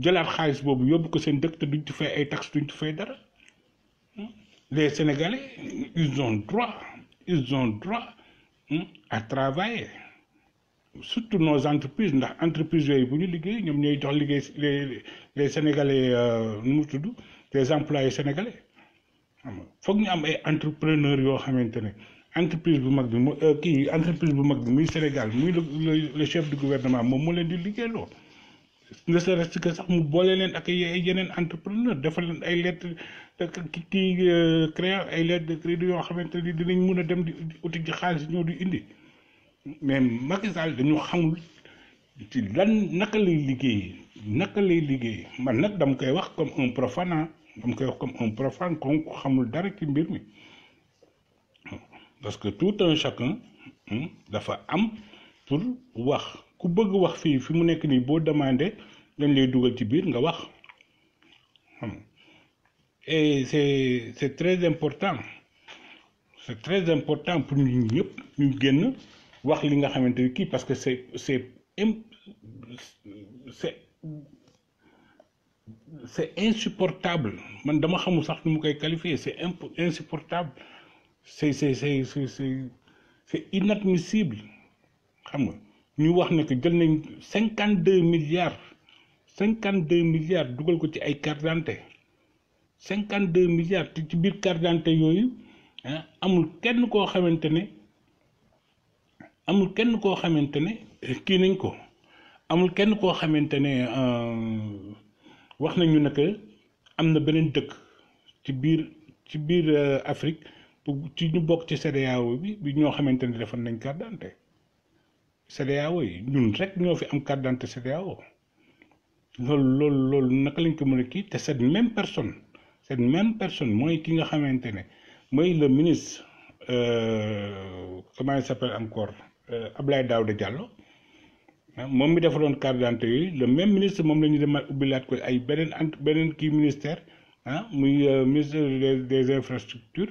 jëlaat xaalis boobu yóbbu ko seen dëkk te duñ ci fay ay taxes duñ ci fay dara les Sénégalais ils ont droit ils ont droit mm, à travailler surtout nos entreprises ndax entreprises yooyu bu ñu liggéey ñoom ñooy jox liggéey les les Sénégalais euh, nu mu tudd. des employés sénégalais xam foog ñu am ay entrepreneur yoo xamante ne entreprise bu mag bi mu euh, kii entreprise bu mag bi muy Sénégal muy le chef du gouvernement moom moo leen di liggéeyloo ne serait-ce que sax mu boole leen ak ay yeneen entrepreneur defal leen ay lettre ki kii euh, créer ay lettre de crédit yoo xamante nii dinañ mun a dem di uti ci xaalis ñoo di indi mais Macky dañu xamul ci lan naka lay liggéeyee naka lay liggéey man nag dama koy wax comme un profane dama koy wax comme un profane kon xamul dara ci mbir mi parce que tout un chacun dafa am pour wax ku bëgg wax fii fi mu nekk nii boo demandé dañ lay dugal ci biir nga wax xam et c'est c'est très important c'est très important pour ñun ñëpp ñu génn wax li nga xamante ni kii parce que c'est c'est c'est c'est insupportable man dama xamul sax nu mu koy qualifier c'est insupportable c'est c'est c'est c'est c'est inadmissible xam nga ñu wax ne que jël nañ cinquante deux milliards cinquante deux milliards dugal ko ci ay carte d'identité cinquante deux milliards te ci biir carte d'identité yooyu amul kenn koo xamante ne amul kenn koo xamante ne kii nañ ko amul kenn koo xamante ne. Euh, wax nañu ne que am na beneen dëkk ci biir ci biir euh, Afrique ci ñu bokk ci CEDEAO bi bi ñoo xamante ne defoon nañ carte d'identité CEDEAO yi ñun rek ñoo fi am carte d'identité CEDEAO loolu loolu naka lañ ko mën a kii te cette même personne cette même personne mooy ki nga xamante ne mooy le ministre euh, comment il s'appelle encore euh, Abdoulaye Daouda Diallo Ah, moom mi defaloon carte d'identité yooyu le même ministre moom la ñu demaat ubbilaat ko ay beneen ent beneen kii ministère ah muy euh, ministre des des infrastructures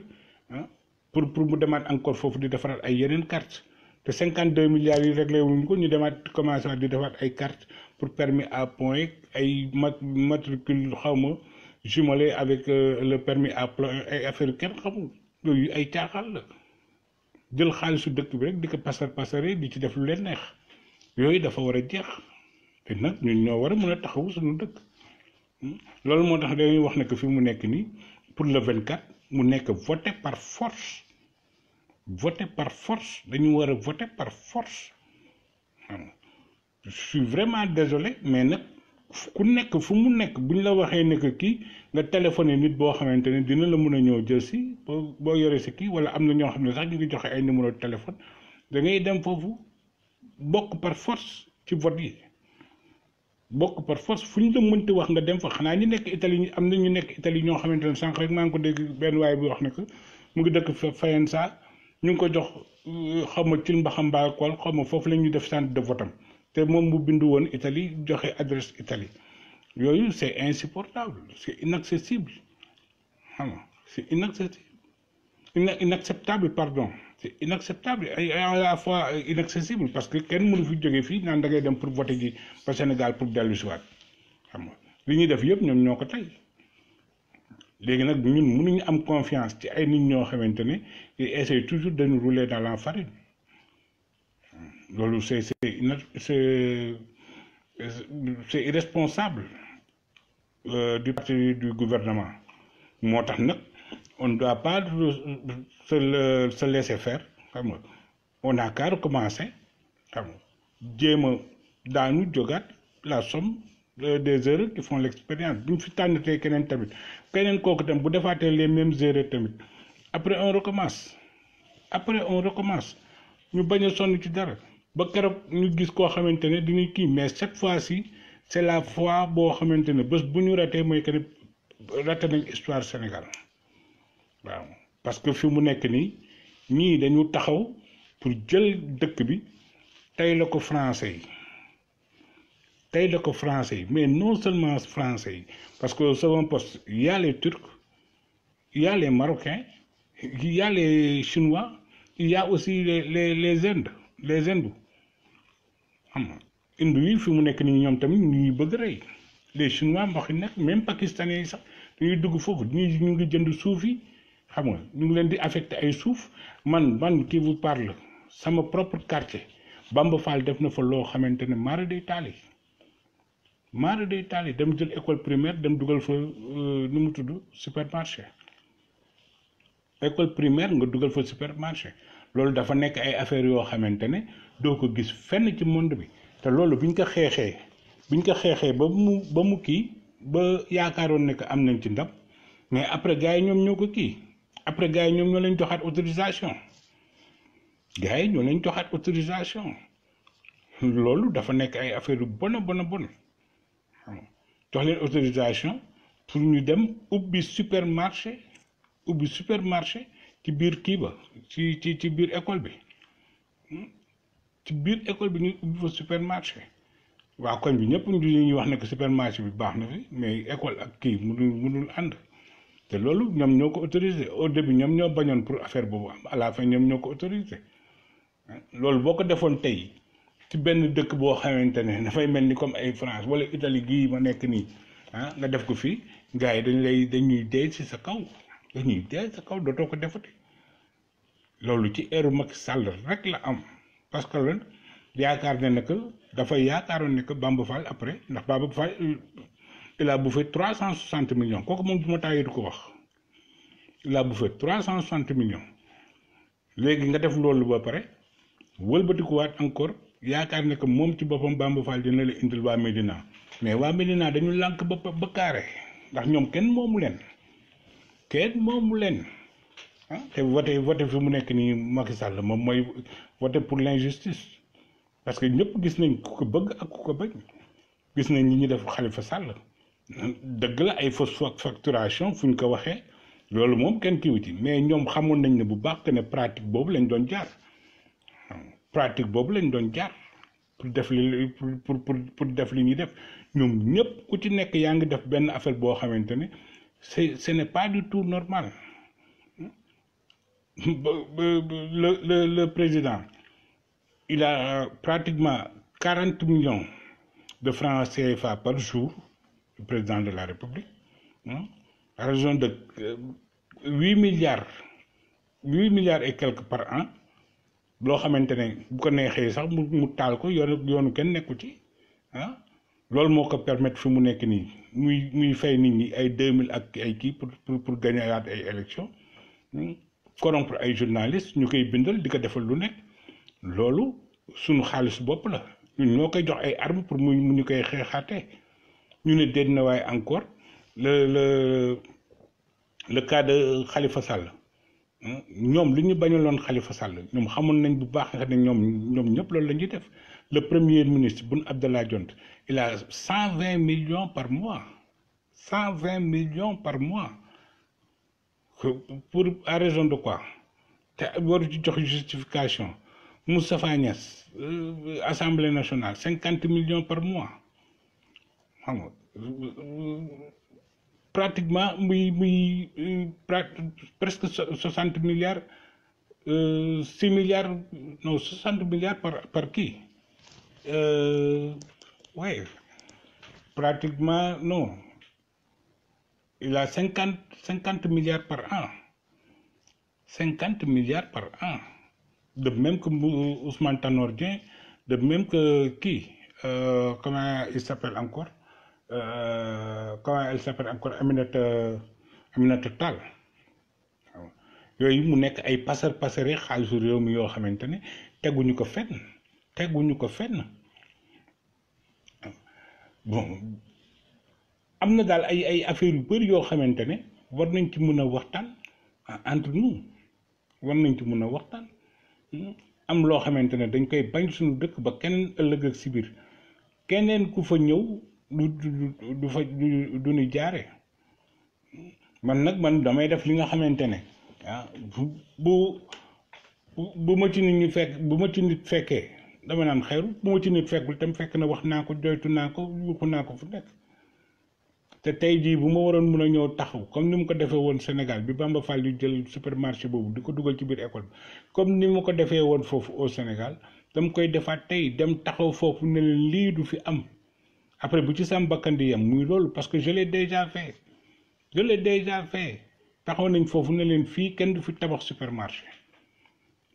ah pour pour mu demaat encore foofu di defaraat ay yeneen carte te 52 milliards yi réglé wuñ ko ñu demaat commencé di defaat ay carte pour permis à point ay mat matricule xaw ma jumelé avec euh, le permis à point ay affaire kenn xamul yooyu ay caaxaan la jël xaalisu dëkk bi rek di ko pasar pasare di ci def lu yooyu dafa war a jeex nag ñun ñoo war a mën a taxawu suñu dëkk hmm? loolu moo tax dañuy wax ne que fi mu nekk nii pour le 24 mu nekk voté par force voté par force dañu war a voté par force hmm. je suis vraiment désolé mais nag ku nekk fu mu nekk bu ñu la waxee ne que kii nga téléphoné nit boo xamante ne dina la mun a ñëw jël si boo boo yoree si kii wala am na ñoo xam ne sax ñu ngi joxe ay numéro téléphone da ngay dem foofu. bokk par force ci vote yi bokk par force fu ñu la mënti wax nga dem fa xanaa ñu nekk ñu am na ñu nekk Italie ñoo xamante ne sànq rek ko dégg benn waay bi wax ne que mu ngi dëkk Faenza ñu ngi ko jox euh, xaw ma cil mbaxam mbaakol xaw ma foofu la ñuy def centre de votam te moom mu bind woon itali joxe adresse itali yooyu c' est insupportable c' est inaccessible xam nga c' est inaccessible inacceptable pardon c'est inacceptable ay à la fois inaccessible parce que kenn mënu fi jóge fii naan da dem pour voter ji ba Sénégal pour dellu si waat xam nga li ñuy def yëpp ñoom ñoo ko tey léegi nag ñun mënuñu am confiance ci ay nit ñoo xamante ne ils essaient toujours de nous rouler dans la farine loolu c'est c'est ina c'est c'est irresponsable euh, du parti du gouvernement moo tax nag. on ne doit pas se, le, se laisser faire xam nga on a qu'à recommencer xam nga jéem a daanu jógaat la somme euh, des erreurs qui font l'expérience bu ñu fi tànnatee keneen tamit keneen kooku tamit bu defaatee les même erreurs tamit après on recommence après on recommence ñu bañ a sonn ci dara ba keroog ñu gis koo xamante ne dinañ kii mais cette fois si c'est la fois boo xamante ne bés bu ñu ratee mooy que ne raté histoire Sénégal. waaw parce que fi mu nekk nii ñii dañu taxaw pour jël dëkk bi tey la ko français yi tey la ko français yi mais non seulement français yi parce que second poste post a les turcs y a les marocains y a chinois y aussi les les les indes les hindous xam nga hindu yi fi mu nekk nii ñoom tamit ñu ngi bëgg rey les chinois mboq yi nekk même pakistanais yi sax dañuy dugg foofu ñu ngi jënd suufi xam nga ñu ngi leen di affecté ay suuf man man qui vous parle sama propre quartier Bamba Fall def na fa loo xamante ne maara day taali maara day taali dem jël école primaire dem dugal fa euh, nu mu tudd supermarché école primaire nga dugal fa supermarché loolu dafa nekk ay affaires yoo xamante ne doo ko gis fenn ci monde bi te loolu biñ ko xeexee biñ ko xeexee ba mu ba mu kii ba yaakaaroon ne que am nañ ci ndam mais après gars yi ñoom ñoo ko kii. après gars yi ñoom ñoo leen joxaat autorisation gars yi ñoo leen joxaat autorisation loolu dafa nekk ay affaire yu bon a bon a bon jox leen autorisation pour ñu dem ubbi supermarché ubbi supermarché ci biir kii ba ci ci ci biir école bi ci biir école bi ñu ubbi fa supermarché waa koñ bi ñëpp ñu ñuy wax ne que supermarché bi baax na fi mais école ak kii mënul mënul ànd. te loolu ñoom ñoo ko autorisé au début ñoom ñoo bañoon pour affaire boobu am à la fin ñoom ñoo ko autorisé loolu boo ko defoon tey ci benn dëkk boo xamante ne dafay mel ni comme ay France wala Italie gii ma nekk nii ah nga def ko fii gars yi dañ lay dañuy dee ci sa kaw dañuy dee sa kaw dootoo ko defati loolu ci eeru mag Sall rek la am parce que loolu yaakaar ne ne que dafay yaakaaroon ne que Bamba Fall après ndax Bamba Fall il a bouffé trois cent soixante millions kooku moom bu ma tàyyi du ko wax il a bouffé trois cent soixante millions léegi nga def loolu ba pare wëlbatikuwaat encore yaakaar ne que moom ci boppam Bamba Fall dina la indil waa Médina mais waa Médina dañu lànk ba ba kaare ndax ñoom kenn moomu leen kenn moomu leen ah te voté voté fi mu nekk nii Macky Sall moom mooy voté pour l'injustice parce que ñëpp gis nañ ku ko bëgg ak ku ko bañ gis nañ ñi ñu def Khalifa Sall. dëgg la ay fausse facturation fu ñu ko waxee loolu moom kenn kiiwuti mais ñoom xamoon nañ ne bu baax que ne pratique boobu lañ doon jaar pratique boobu lañ doon jaar pour def li pour pour pour def li ñuy def ñoom ñëpp ku ci nekk yaa ngi def benn affaire boo xamante ne c'est ce ne pas du tout normal le le le président il a pratiquement quarante millions de francs CFA par jour. président de la république à raison de euh, huit milliards huit milliards et quelques par an loo xamante ne bu ko neexee sax mu mu taal ko yoonu yoonu kenn nekku ci ah loolu moo ko permettre fi mu nekk nii muy muy fay nit ñi ay deux mille ak ay kii pour pour pour gagner waat ay élections corrompre ay journalistes ñu koy bindal di ko defal lu nekk loolu suñu xaalis bopp la ñu ñoo koy jox ay armes pour mu ñu koy xeexaatee. ñu ne déet na waaye encore le le le cas de Khalifa Sall ñoom li ñu bañaloon Khalifa Sall ñoom xamoon nañ bu baax nga ne ñoom ñoom ñëpp loolu la ñuy def le premier ministre Boun Abdallah Dionne il a cent vingt millions par mois cent vingt millions par mois pour à raison de quoi te waru ci jox justification Moustapha Niass euh, assemblée nationale cinquante millions par mois xam nga pratiquement muy muy euh, presque soixante milliards euh, six milliards par par kii waaye euh, pratiquement non il a cinquante cinquante milliards par an cinquante milliards par an de même que Ousmane Tanor Dieng de même que kii comment il s'appelle encore. Euh, comment elle s'appelle encore Aminata Aminata Tall waaw yooyu mu nekk ay pasar pasare xaalisu réew mi yoo xamante ne teguñu ko fenn teguñu ko fenn bon am na daal ay ay affaire yu bëri yoo xamante ne war nañ ci mën a waxtaan ah, entre nous war nañ ci mën a waxtaan am loo xamante ne dañ koy bañ suñu dëkk ba kenn ëllëg ak si keneen ku fa ñëw du du fa du du ñu jaare man nag man damay def li nga xamante ne ah bu bu bu ma ci nit ñu fekk bu ma ci nit fekkee dama naan xeeru bu ma ci nit fekkul tam fekk na wax naa ko joytu naa ko yuuxu naa ko fu nekk te tey jii bu ma waroon mun a ñëw taxaw comme ni mu ko defee woon Sénégal bi Bamba fal yu jël supermarché boobu di ko dugal ci biir école comme ni mu ko defee woon foofu au Sénégal dama koy defaat tey dem taxaw foofu ne lii du fi am après bu ci sam bakkan di yem muy loolu parce que je l'ai déjà fait je l'ai déjà fait taxaw nañ foofu ne fii kenn du fi tabax supermarché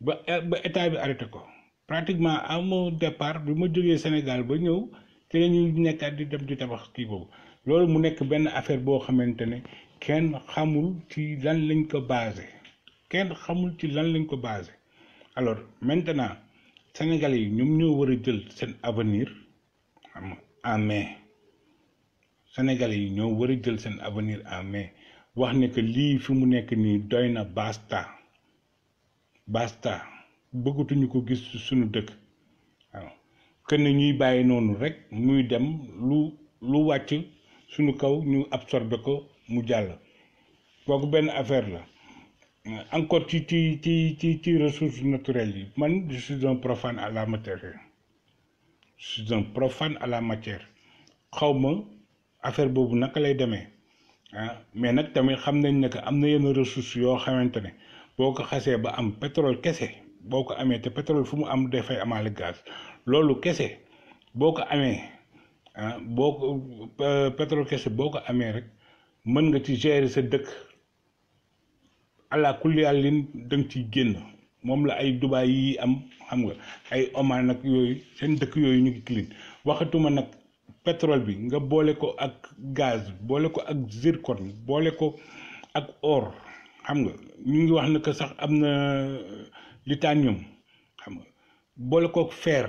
ba ba état bi arrêté ko pratiquement à mon départ bi ma jógee Sénégal ba ñëw te la ñuy di dem di tabax kii boobu loolu mu nekk benn affaire boo xamante ne kenn xamul ci lan lañ ko basé kenn xamul ci lan lañ ko basé alors maintenant sénégal yi ñoom ñoo war a jël seen avenir xam en main yi ñoo war jël seen avenir en wax ne que lii fi mu nekk nii doy na basta basta bëggatuñu ko gis suñu dëkk waaw kenn ñuy bàyyi noonu rek muy dem lu lu wàcc suñu kaw ñu absorbe ko mu jàll kooku benn affaire la encore ci ci ci ci ci ressources naturelles yi man je suis un profane à la matière je suis un profane à la matière xaw ma affaire boobu naka lay demee ah mais nag tamit xam nañ ne que am na yenn ressources yoo xamante ne boo ko xasee ba am pétrole kese boo ko amee te pétrole fu mu am dafay amaale gaz loolu kese boo ko amee ah boo ko euh, pétrole kese boo ko amee rek mën nga ci gérer sa dëkk àla kulli yàllin da nga ciy génn moom la ay Dubaay yi am xam nga ay Oman nag yooyu seen dëkk yooyu ñu ngi clean waxatuma nag pétrole bi nga boole ko ak gaz boole ko ak zircon boole ko ak or xam nga ñu ngi wax ne que sax am na litanium xam nga boole ko fer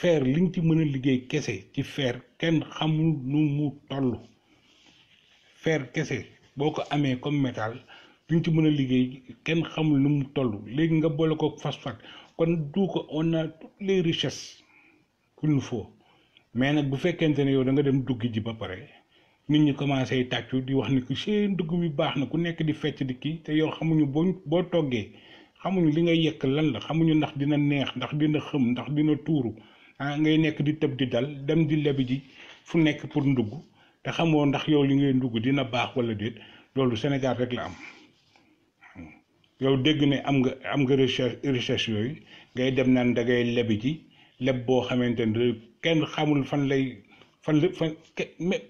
fer li nga ci mën a liggéey kese ci fer kenn xamul nu mu toll fer kese boo ko amee comme métal duñ ci mën a liggéey kenn xamul nu mu tollu léegi nga boole ko phosphate kon du ko on a toutes les richesses qu'il nous mais nag bu fekkente ne yow da nga dem dugg ji ba pare nit ñi commencé tàccu di wax ni ku seen dugg bi baax na ku nekk di fecc di kii te yow xamuñu boo boo toggee xamuñu li ngay yekk lan la xamuñu ndax dina neex ndax dina xëm ndax dina tuuru ah ngay nekk di tëb di dal dem di lebi ji fu nekk pour ndugg te xamoo ndax yow li ngay dugg dina baax wala déet loolu Sénégal rek la am. yow dégg ne am nga am nga recherche recherche yooyu ngay dem naan da lebi ji leb boo xamante ne kenn xamul fan lay fan la fan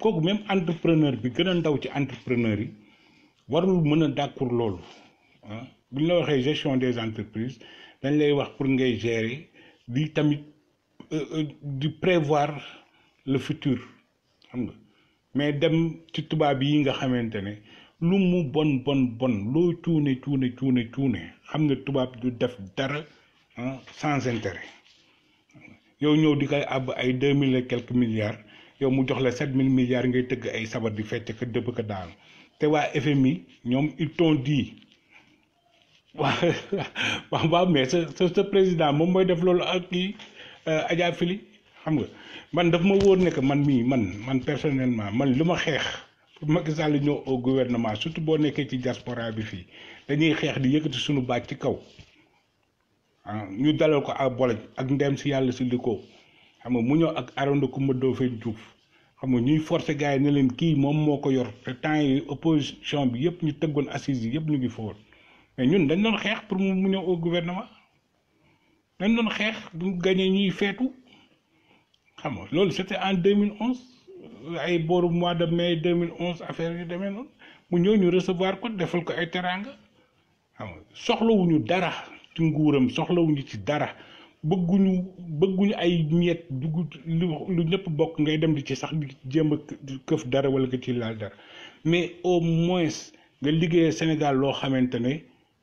kooku même entrepreneur bi gën a ndaw ci entrepreneur yi warul mën a dàkkur loolu ah bu ñu la waxee gestion des entreprises dañ lay wax pour ngay gérer di tamit euh, euh, di prévoir le future xam nga mais dem ci tubaab yi nga xamante ne. lu mu bon bon bon loo cuune cuune cuune cuune xam ne tubaab du def dara sans intérêt yow ñëw di koy àbb ay deux mille et quelques milliards yow mu jox la sept mille milliards ngay tëgg ay sabar di fecc ka dëpp ko daal te waa FMI ñoom ils t'ont dit waaw waaw mais sa sa sa président moom mooy def loolu ak kii euh, Adja xam nga man daf ma wóor nekk man mii man man personnellement man lu ma xeex. pour Macky Sall ñëw au gouvernement surtout boo nekkee ci diaspora bi fii dañuy xeex di yëkkati suñu baat ci kaw ah ñu dalal ko ak boloj ak ndem si yàlla si li ko xam nga mu ñëw ak Arouna Coumba Ndoffène Diouf xam nga ñuy force gars yi ne leen kii moom moo ko yor te temps yi opposition bi yëpp ñu tëggoon assise yi yëpp ñu ngi foofu mais ñun dañ doon xeex pour mu ñëw au guvernement dañ doon xeex bu gagné ñuy feetu xam loolu c'était en 2011. ay booru mois de mais mai 2011 affaire yu demee noonu mu ñëw ñu recevoir ko defal ko ay teraanga xam soxlawuñu dara ci nguuram soxlawuñu ci dara bëgguñu bëgguñu ay ñeet dugg lu ñëpp bokk ngay dem di ci sax di jéem a këf dara wala nga ci laal dara mais au moins nga liggéeyee Sénégal loo xamante ne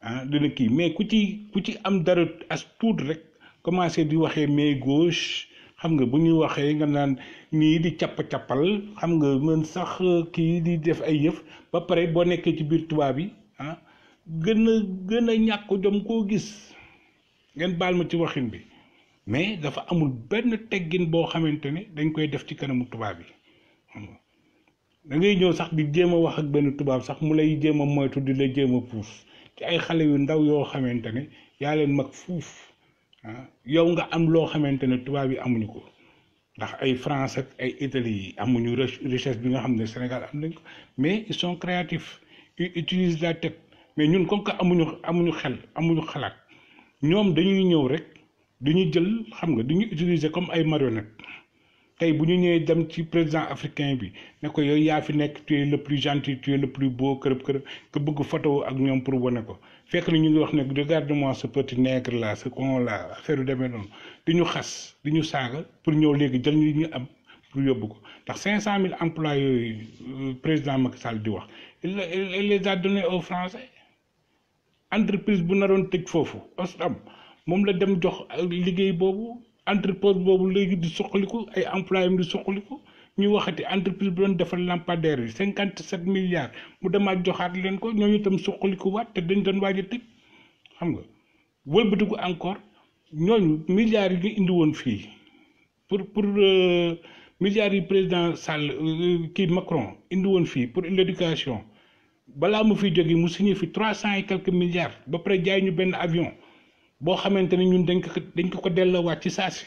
ah dina kii mais ku ci ku ci am dara as tuut rek commencé di waxee mais gauche. xam nga bu ñuy waxee nga naan nii di capp cappal xam nga mën sax euh, kii di def ay yëf ba pare boo nekkee ci biir tubaab bi ah, gën a gën a ñàkk jom koo gis ngeen baal ma ci waxin bi mais dafa amul benn teggin boo xamante ne dañ koy def ci kanamu tubaab yi dangay ñëw sax di jéem a wax ak benn tubaab sax mu lay jéem a moytu di la jéem a puus ci ay xale yu ndaw yoo xamante ne yaa leen mag fuuf Ah. yow nga am loo xamante ne tubaab yi amuñu ko ndax ay France ak ay Italie yi amuñu richesse bi nga xam ne Sénégal am nañ ko mais ils sont créatifs ils la tête mais ñun comme que amuñu amuñu xel amuñu xalaat ñoom dañuy ñëw rek ñu jël xam nga ñu utiliser comme ay marionnette tey bu ñu ñëwee dem ci président africain bi ne ko yooyu yaa fi nekk tu le plus gentil tu le plus beau kërëb kërëb nga bëgg photo ak ñoom pour wane ko fekk na ñu ngi wax ne regarde-moi ce petit nègre là ce con la affaire yu demee noonu di ñu xas di ñu saaga pour ñëw léegi jël ñu am pour yóbbu ko ndax cinq cent mille emplois yooyu euh, président Macky Sall di wax il les a donné aux entreprise bu naroon tëj foofu os am moom la dem jox liggéey boobu. entreprise boobu léegi di suqaliku ay employés am di suqaliku ñu waxati entreprise bi doon defar lampadaire yi cinquante sept milliards mu demaat joxaat leen ko ñooñu tam suqaliku waat te dañ doon waaj a tëj xam nga wëlbatiku encore ñooñu milliards yi ñu indi woon fii pour pour euh, milliards yi président Sall euh, kii Macron indi woon fii pour l'éducation balaa mu fi jógee mu signé fi trois cent et quelques milliards ba pare jaay ñu benn avion. boo xamante ne ñun dañ ko dañ ko ko delloowaat ci saa si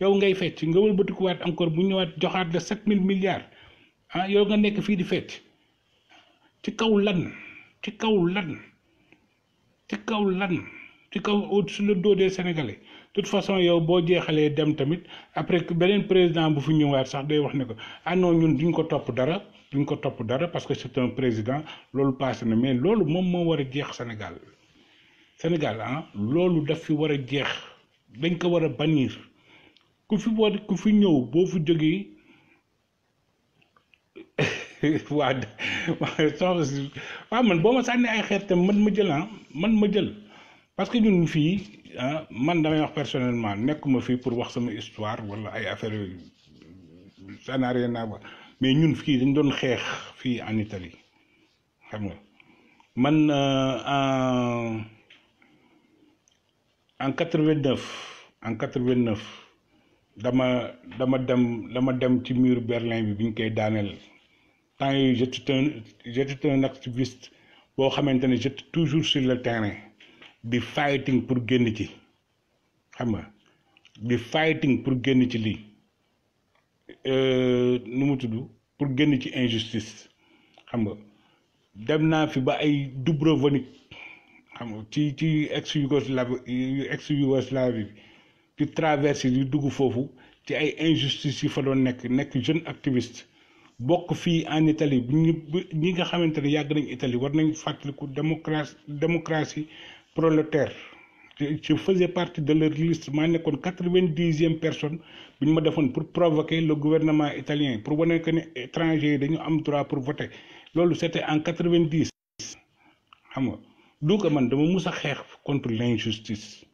yow ngay fecc nga ko waat encore bu ñëwaat joxaat la sept mille milliards ah yow nga nekk fii di fecc ci kaw lan ci kaw lan ci kaw lan ci kaw au su le dos des Sénégalais de toute façon yow boo jeexalee dem tamit après beneen président bu fi ñëwaat sax day wax ne ko ah non ñun duñ ko topp dara duñ ko topp dara parce que c'est un président loolu passé na mais loolu moom moo war a jeex Sénégal. Sénégal ah, loolu daf fi war a jeex dañ ko war a bannir ku fi war ku fi ñëw boo fi jógee waa soxna si waaw man boo ma sànni ay xeer tam man ma jël ah man ma jël parce que ñun fii ah, man damay wax personnellement nekkuma fii pour wax sama histoire wala ay affaire yooyu ça n'a rien mais ñun fii dañ doon xeex fii en Italie xam man. Euh, en quatre vingt en quatre-vingt-neuf dama dama dem dama dem ci mur Berlin bi biñ ñu koy daaneel temps yooyu j'étais un j'étais un activiste boo xamante ne j'étais toujours sur le terrain di fighting pour génn ci xam nga di fighting pour génn ci lii euh, nu mu tudd pour génn ci injustice xam nga dem naa fi ba ay Dubrovnik xam nga ci ci ex Yougoslavie ex Yougoslavie bi ci traversé yu dugg foofu ci ay injustice yi fa doon nekk nekk jeunes activiste bokk fii en Italie bu ñu ñi nga xamante ne yàgg nañu Italie war nañ fàttaliku démocratie démocratie prolétaire ci faisais partie de leur liste maa nekkoon quatre-vingt-dixième personne bi ñu ma defoon pour provoquer le gouvernement italien pour ne que ne étranger yi dañu am droit pour voter loolu c'était en quatre-vingt-dix xam donc man dama mus a xeex contre l'injustice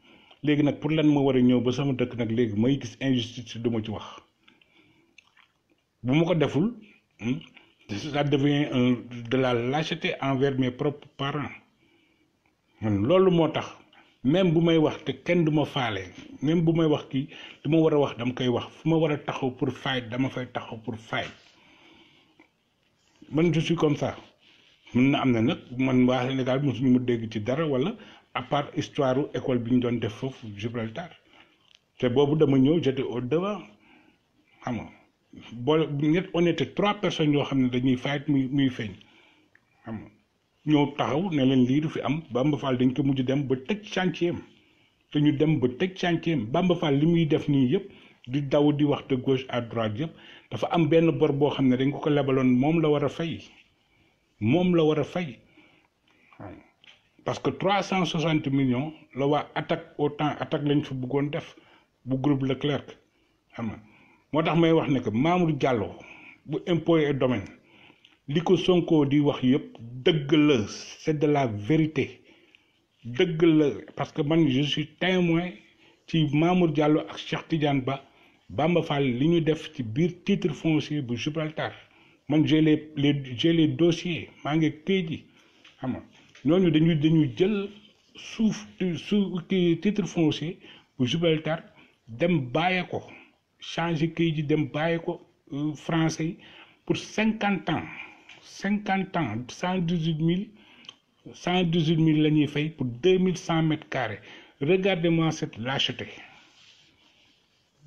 léegi nag pour lan ma war a ñëw ba sama dëkk nag léegi may gis injustice duma ci wax bu ma ko deful hmm, ça devient un de la lâcheté envers mes propres parent man hmm, loolu moo tax même bu may wax te kenn du ma faale même bu may wax kii du ma war a wax dama koy wax fu ma war a taxaw pour fight dama fay taxaw pour fight man je suis comme ça mun na am na nag man waa Sénégal ñu ma dégg ci dara wala à part histoire école bi ñu doon def foofu Gibraltar te boobu dama ñëw jote au devant xam boole ñett on était trois personnes yoo xam ne dañuy fayit muy muy feeñ xam nga ñoo taxaw ne leen lii du fi am Bamba Fall dañ ko mujj dem ba tëj chantier te ñu dem ba tëj chantier am li muy def nii yëpp di daw di wax te gauche à droite yëpp dafa am benn bor boo xam ne dañ ko ko lebaloon moom la war a fay. moom la war a fay parce que trois cent soixante millions la waa attaque autant attaque lañ fa buggoon def bu groupe Leclerc xam nga moo tax may wax ne que Mamour Diallo bu impôt et domaine li ko Sonko di wax yëpp dëgg la c'est de la vérité dëgg la parce que man je suis témoin ci Mamour Diallo ak Cheikh Tidiane Ba Bamba Fall li ñu def ci biir titre foncier bu Gibraltar man j'ai les les j'ai les dossiers maa ngi këyit yi xam nga ñooñu dañu dañu jël suuf suuf kii titre foncier bu Gibraltar dem bàyyee ko changé këyit yi dem bàyyee ko euh, français pour cinquante ans cinquante ans cent dix-huit mille cent dix-huit mille la ñuy fay pour deux mille cent mètres carrés regardez-moi cette lâcheté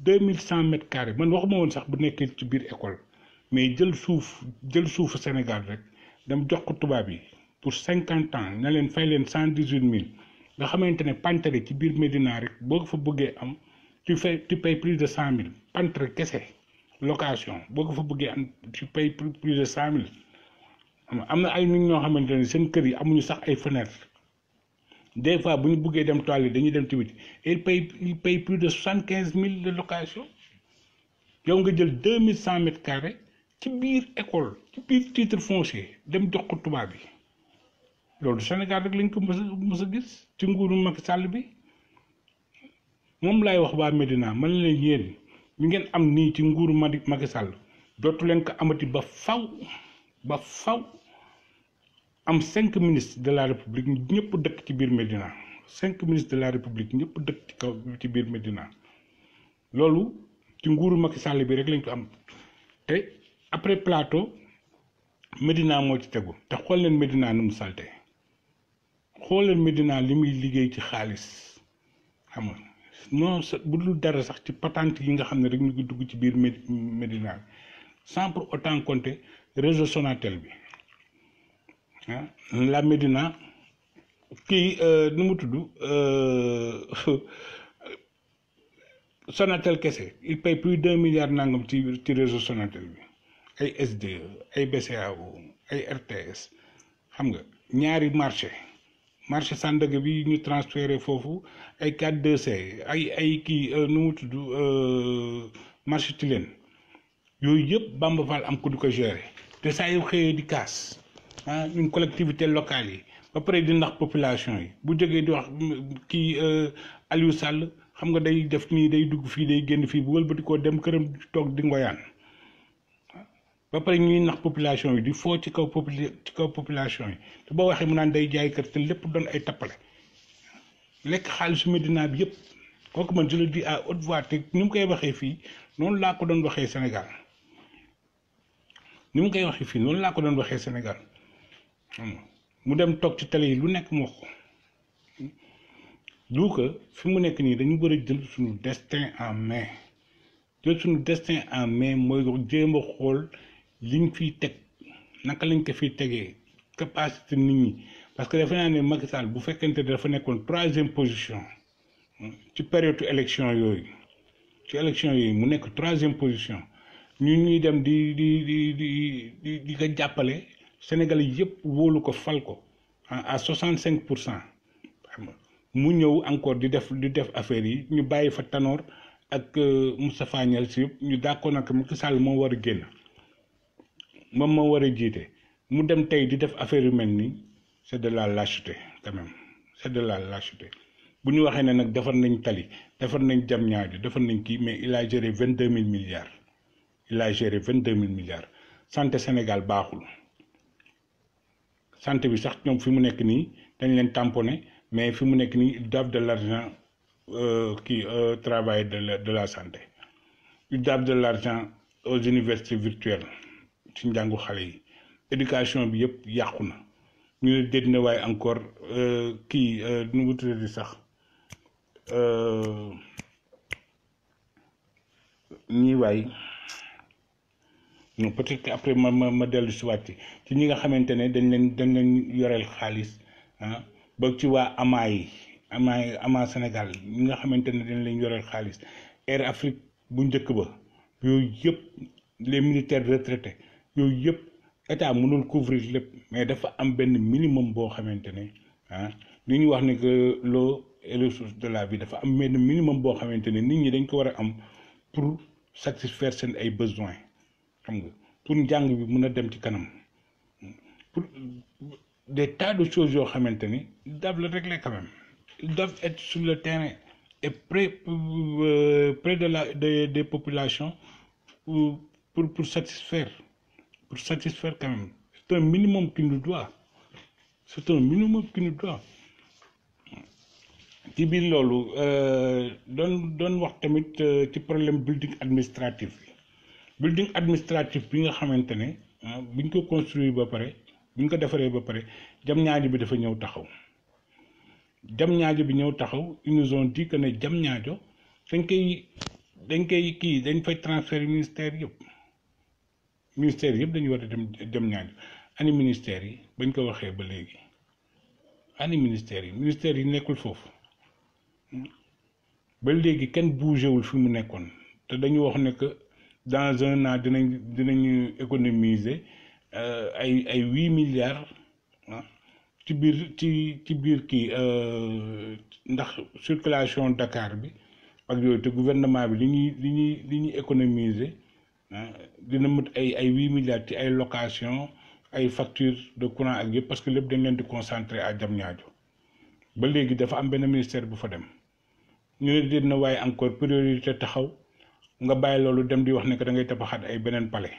deux mille cent mètres carrés man waxuma woon sax bu nekkee ci biir école. mais jël suuf jël suufu Sénégal rek dem jox ko tubaab yi pour cinquante ans na leen fay leen cent dix huit mille nga xamante ne pantere ci biir Médina rek boo ko fa bëggee am tu fais tu payes plus de cent mille pantere kese location boo ko fa bëggee am tu payes plus de cent mille am na ay nit ñoo xamante ne seen kër yi amuñu sax ay fenêtre des fois bu ñu bëggee dem toilette dañuy dem tamit il paye il paye plus de soixante quinze mille de location yow nga jël deux mille cent mètres carrés ci biir école ci biir titre foncier dem jox ko tubaab bi loolu senegal rek lañ ko mës a mës a gis ci nguuru Macky bi moom laay wax waa Médina man leen yéen mi ngeen am nii ci nguuru Macky Sall dootu leen ko amati ba faw ba faw am cinq ministre de la république ñëpp dëkk ci biir Médina cinq ministres de la république ñëpp dëkk ci kaw ci biir Médina loolu ci nguuru Macky Sall bi rek lañ ko am après plateau Medina moo ci tegu te xool leen Medina nu mu salte xool leen Medina li muy liggéey ci xaalis xam nga non bu dul dara sax ci patante yi nga xam ne rek ñu ngi dugg ci biir Medina sans pour autant compter réseau Sonatel bi ah, la Medina kii euh, nu mu tudd euh, Sonatel kese il paye plus d'un milliard nangam ci ci réseau Sonatel bi. ay s ay BCAO ay RTS xam nga ñaari marché marché Sandaga bi ñu transféré foofu ay 4DC ay ay kii euh, nu mu tudd euh, marché Tilène yooyu yëpp Bamba am ku du ko géré te saa yu xëyee di kaas ah ñun collectivité locale yi ba pare di ndax population yi bu jógee di wax kii euh, Aliou sàll xam nga day def nii day dugg fii day génn fii bu wëlbati koo dem këram toog di ngoyaan ba pare ñuy nax population yi di foo ci kaw popul ci kaw population yi te boo waxee mu naan day jaay kër te lépp doon ay tappale lekk xaalisu Medina bi yëpp kooku man je le dis à haute te ni mu koy waxee fii noonu laa ko doon waxee Sénégal ni mu koy waxee fii noonu laa ko doon waxee Sénégal mu dem toog ci télé yi lu nekk mu wax ko du fi mu nekk nii dañu war a jël suñu destin en main jël suñu destin en main mooy jéem xool. liñ fiy teg naka lañ ko fiy tegee capacité nit ñi parce que defe naa ne Macky bu fekkente dafa nekkoon troisième position hmm, ci période élection yooyu ci élection yooyu mu nekk troisième position ñun ñuy dem di di di di di di ko jàppale Sénégal yëpp wóolu ko fal ko à soixante cinq pour cent mu ñëw encore di def di def affaire yi ñu bàyyi fa Tanor ak euh, Moustapha Niasse yëpp ñu d'accord nag Macky Sall moo war a génn. moom moo war a jiite mu dem tey di def affaire yu mel nii c'est de la lâcheté quand même c'est de la lâcheté bu ñu waxee ne nag defar nañ tali defar nañ jam ñaajo defar nañ kii mais il a géré vingt deux mille milliards il a géré vingt deux mille milliards santé Sénégal baaxul santé bi sax ñoom fi mu nekk nii dañ leen tamponné mais fi mu nekk nii ils doivent de l'argent euh, kii euh, travail de la de la santé ils doivent de l'argent aux universités virtuelles ci njàngu xale yi éducation bi yëpp yàqu na ñu ne déet na waaye encore euh, kii euh, nu mu tuddee di sax ñii euh, waay non peut-être que après ma ma dellu si waat ci ñi nga xamante ne dañ leen dañ leen yoreel xaalis ah ba ci waa amaa yi amaa yi amaa Sénégal ñi nga xamante ne dañ leen yoreel xaalis Air Afrique bu njëkk ba yooyu yëpp les militaires retraités yooyu yëpp état mënul couvrir lépp mais dafa am benn minimum boo xamante ne ah li ñuy wax ni que l'eau et les de la vie dafa am benn minimum boo xamante ne nit ñi dañ ko war a am pour satisfaire seen ay besoins xam nga pour njàng bi mun a dem ci kanam pour des tas de choses yoo xamante ni ils doivent le régler quand même ils être sur le terrain et près euh, près de la des des populations pour pour satisfaire. pour satisfaire quand même. C'est un minimum ki nous doit. C'est un minimum qu'il nous doit. ci biir loolu euh, doon doon wax tamit euh, ci problème building administratif bi building administratif bi nga xamante ne ah, bi ñu ko construire ba pare bi ñu ko defaree ba pare jam ñaajo bi dafa ñëw taxaw jam ñaajo bi ñëw taxaw ils nous ont ne jam ñaajo dañ koy dañ koy kii dañ fay transférer ministère yëpp ministère yëpp dañu war a dem dem ñaajo ani ministère yi bañ ko waxee ba léegi ani ministère yi ministère yi nekkul foofu ba léegi kenn bougéwul fi mu nekkoon te dañu wax ne que dans un an dinañ dinañu économiser euh, ay ay huit milliards ah, ci biir ci ci biir kii euh, ndax circulation dakaar bi ak yooyu te gouvernement bi li ñuy li ñuy li dina mut ay ay huit milliards ci ay location ay facture de courant ak yëpp parce que lépp dañ leen di concentré à Diamniadio ba léegi dafa am benn ministère bu fa dem ñu ne déet na waaye encore priorité taxaw nga bàyyi loolu dem di wax ne que da ngay tabaxaat ay beneen pale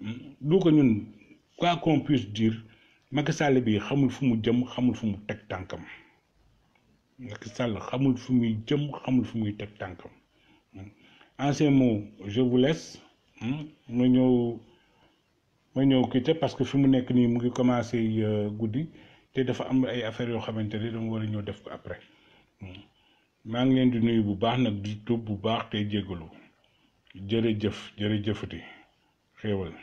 hmm? du ko ñun quoi qu'on puisse diir Macky Sall bi xamul fu mu jëm xamul fu mu teg tànkam Macky Sall xamul fu muy jëm xamul fu muy teg tànkam. en ces mots je vous laisse ma ñëw ma ñëw quitté parce que fi mu nekk nii mu ngi commencé euh, guddi te dafa am ay affaires yoo xamante ne dama war a ñëw def ko après hmm. maa ngi leen di nuyu bu baax nag di tub bu baax te jëf jërëjëf jëfuti xéewal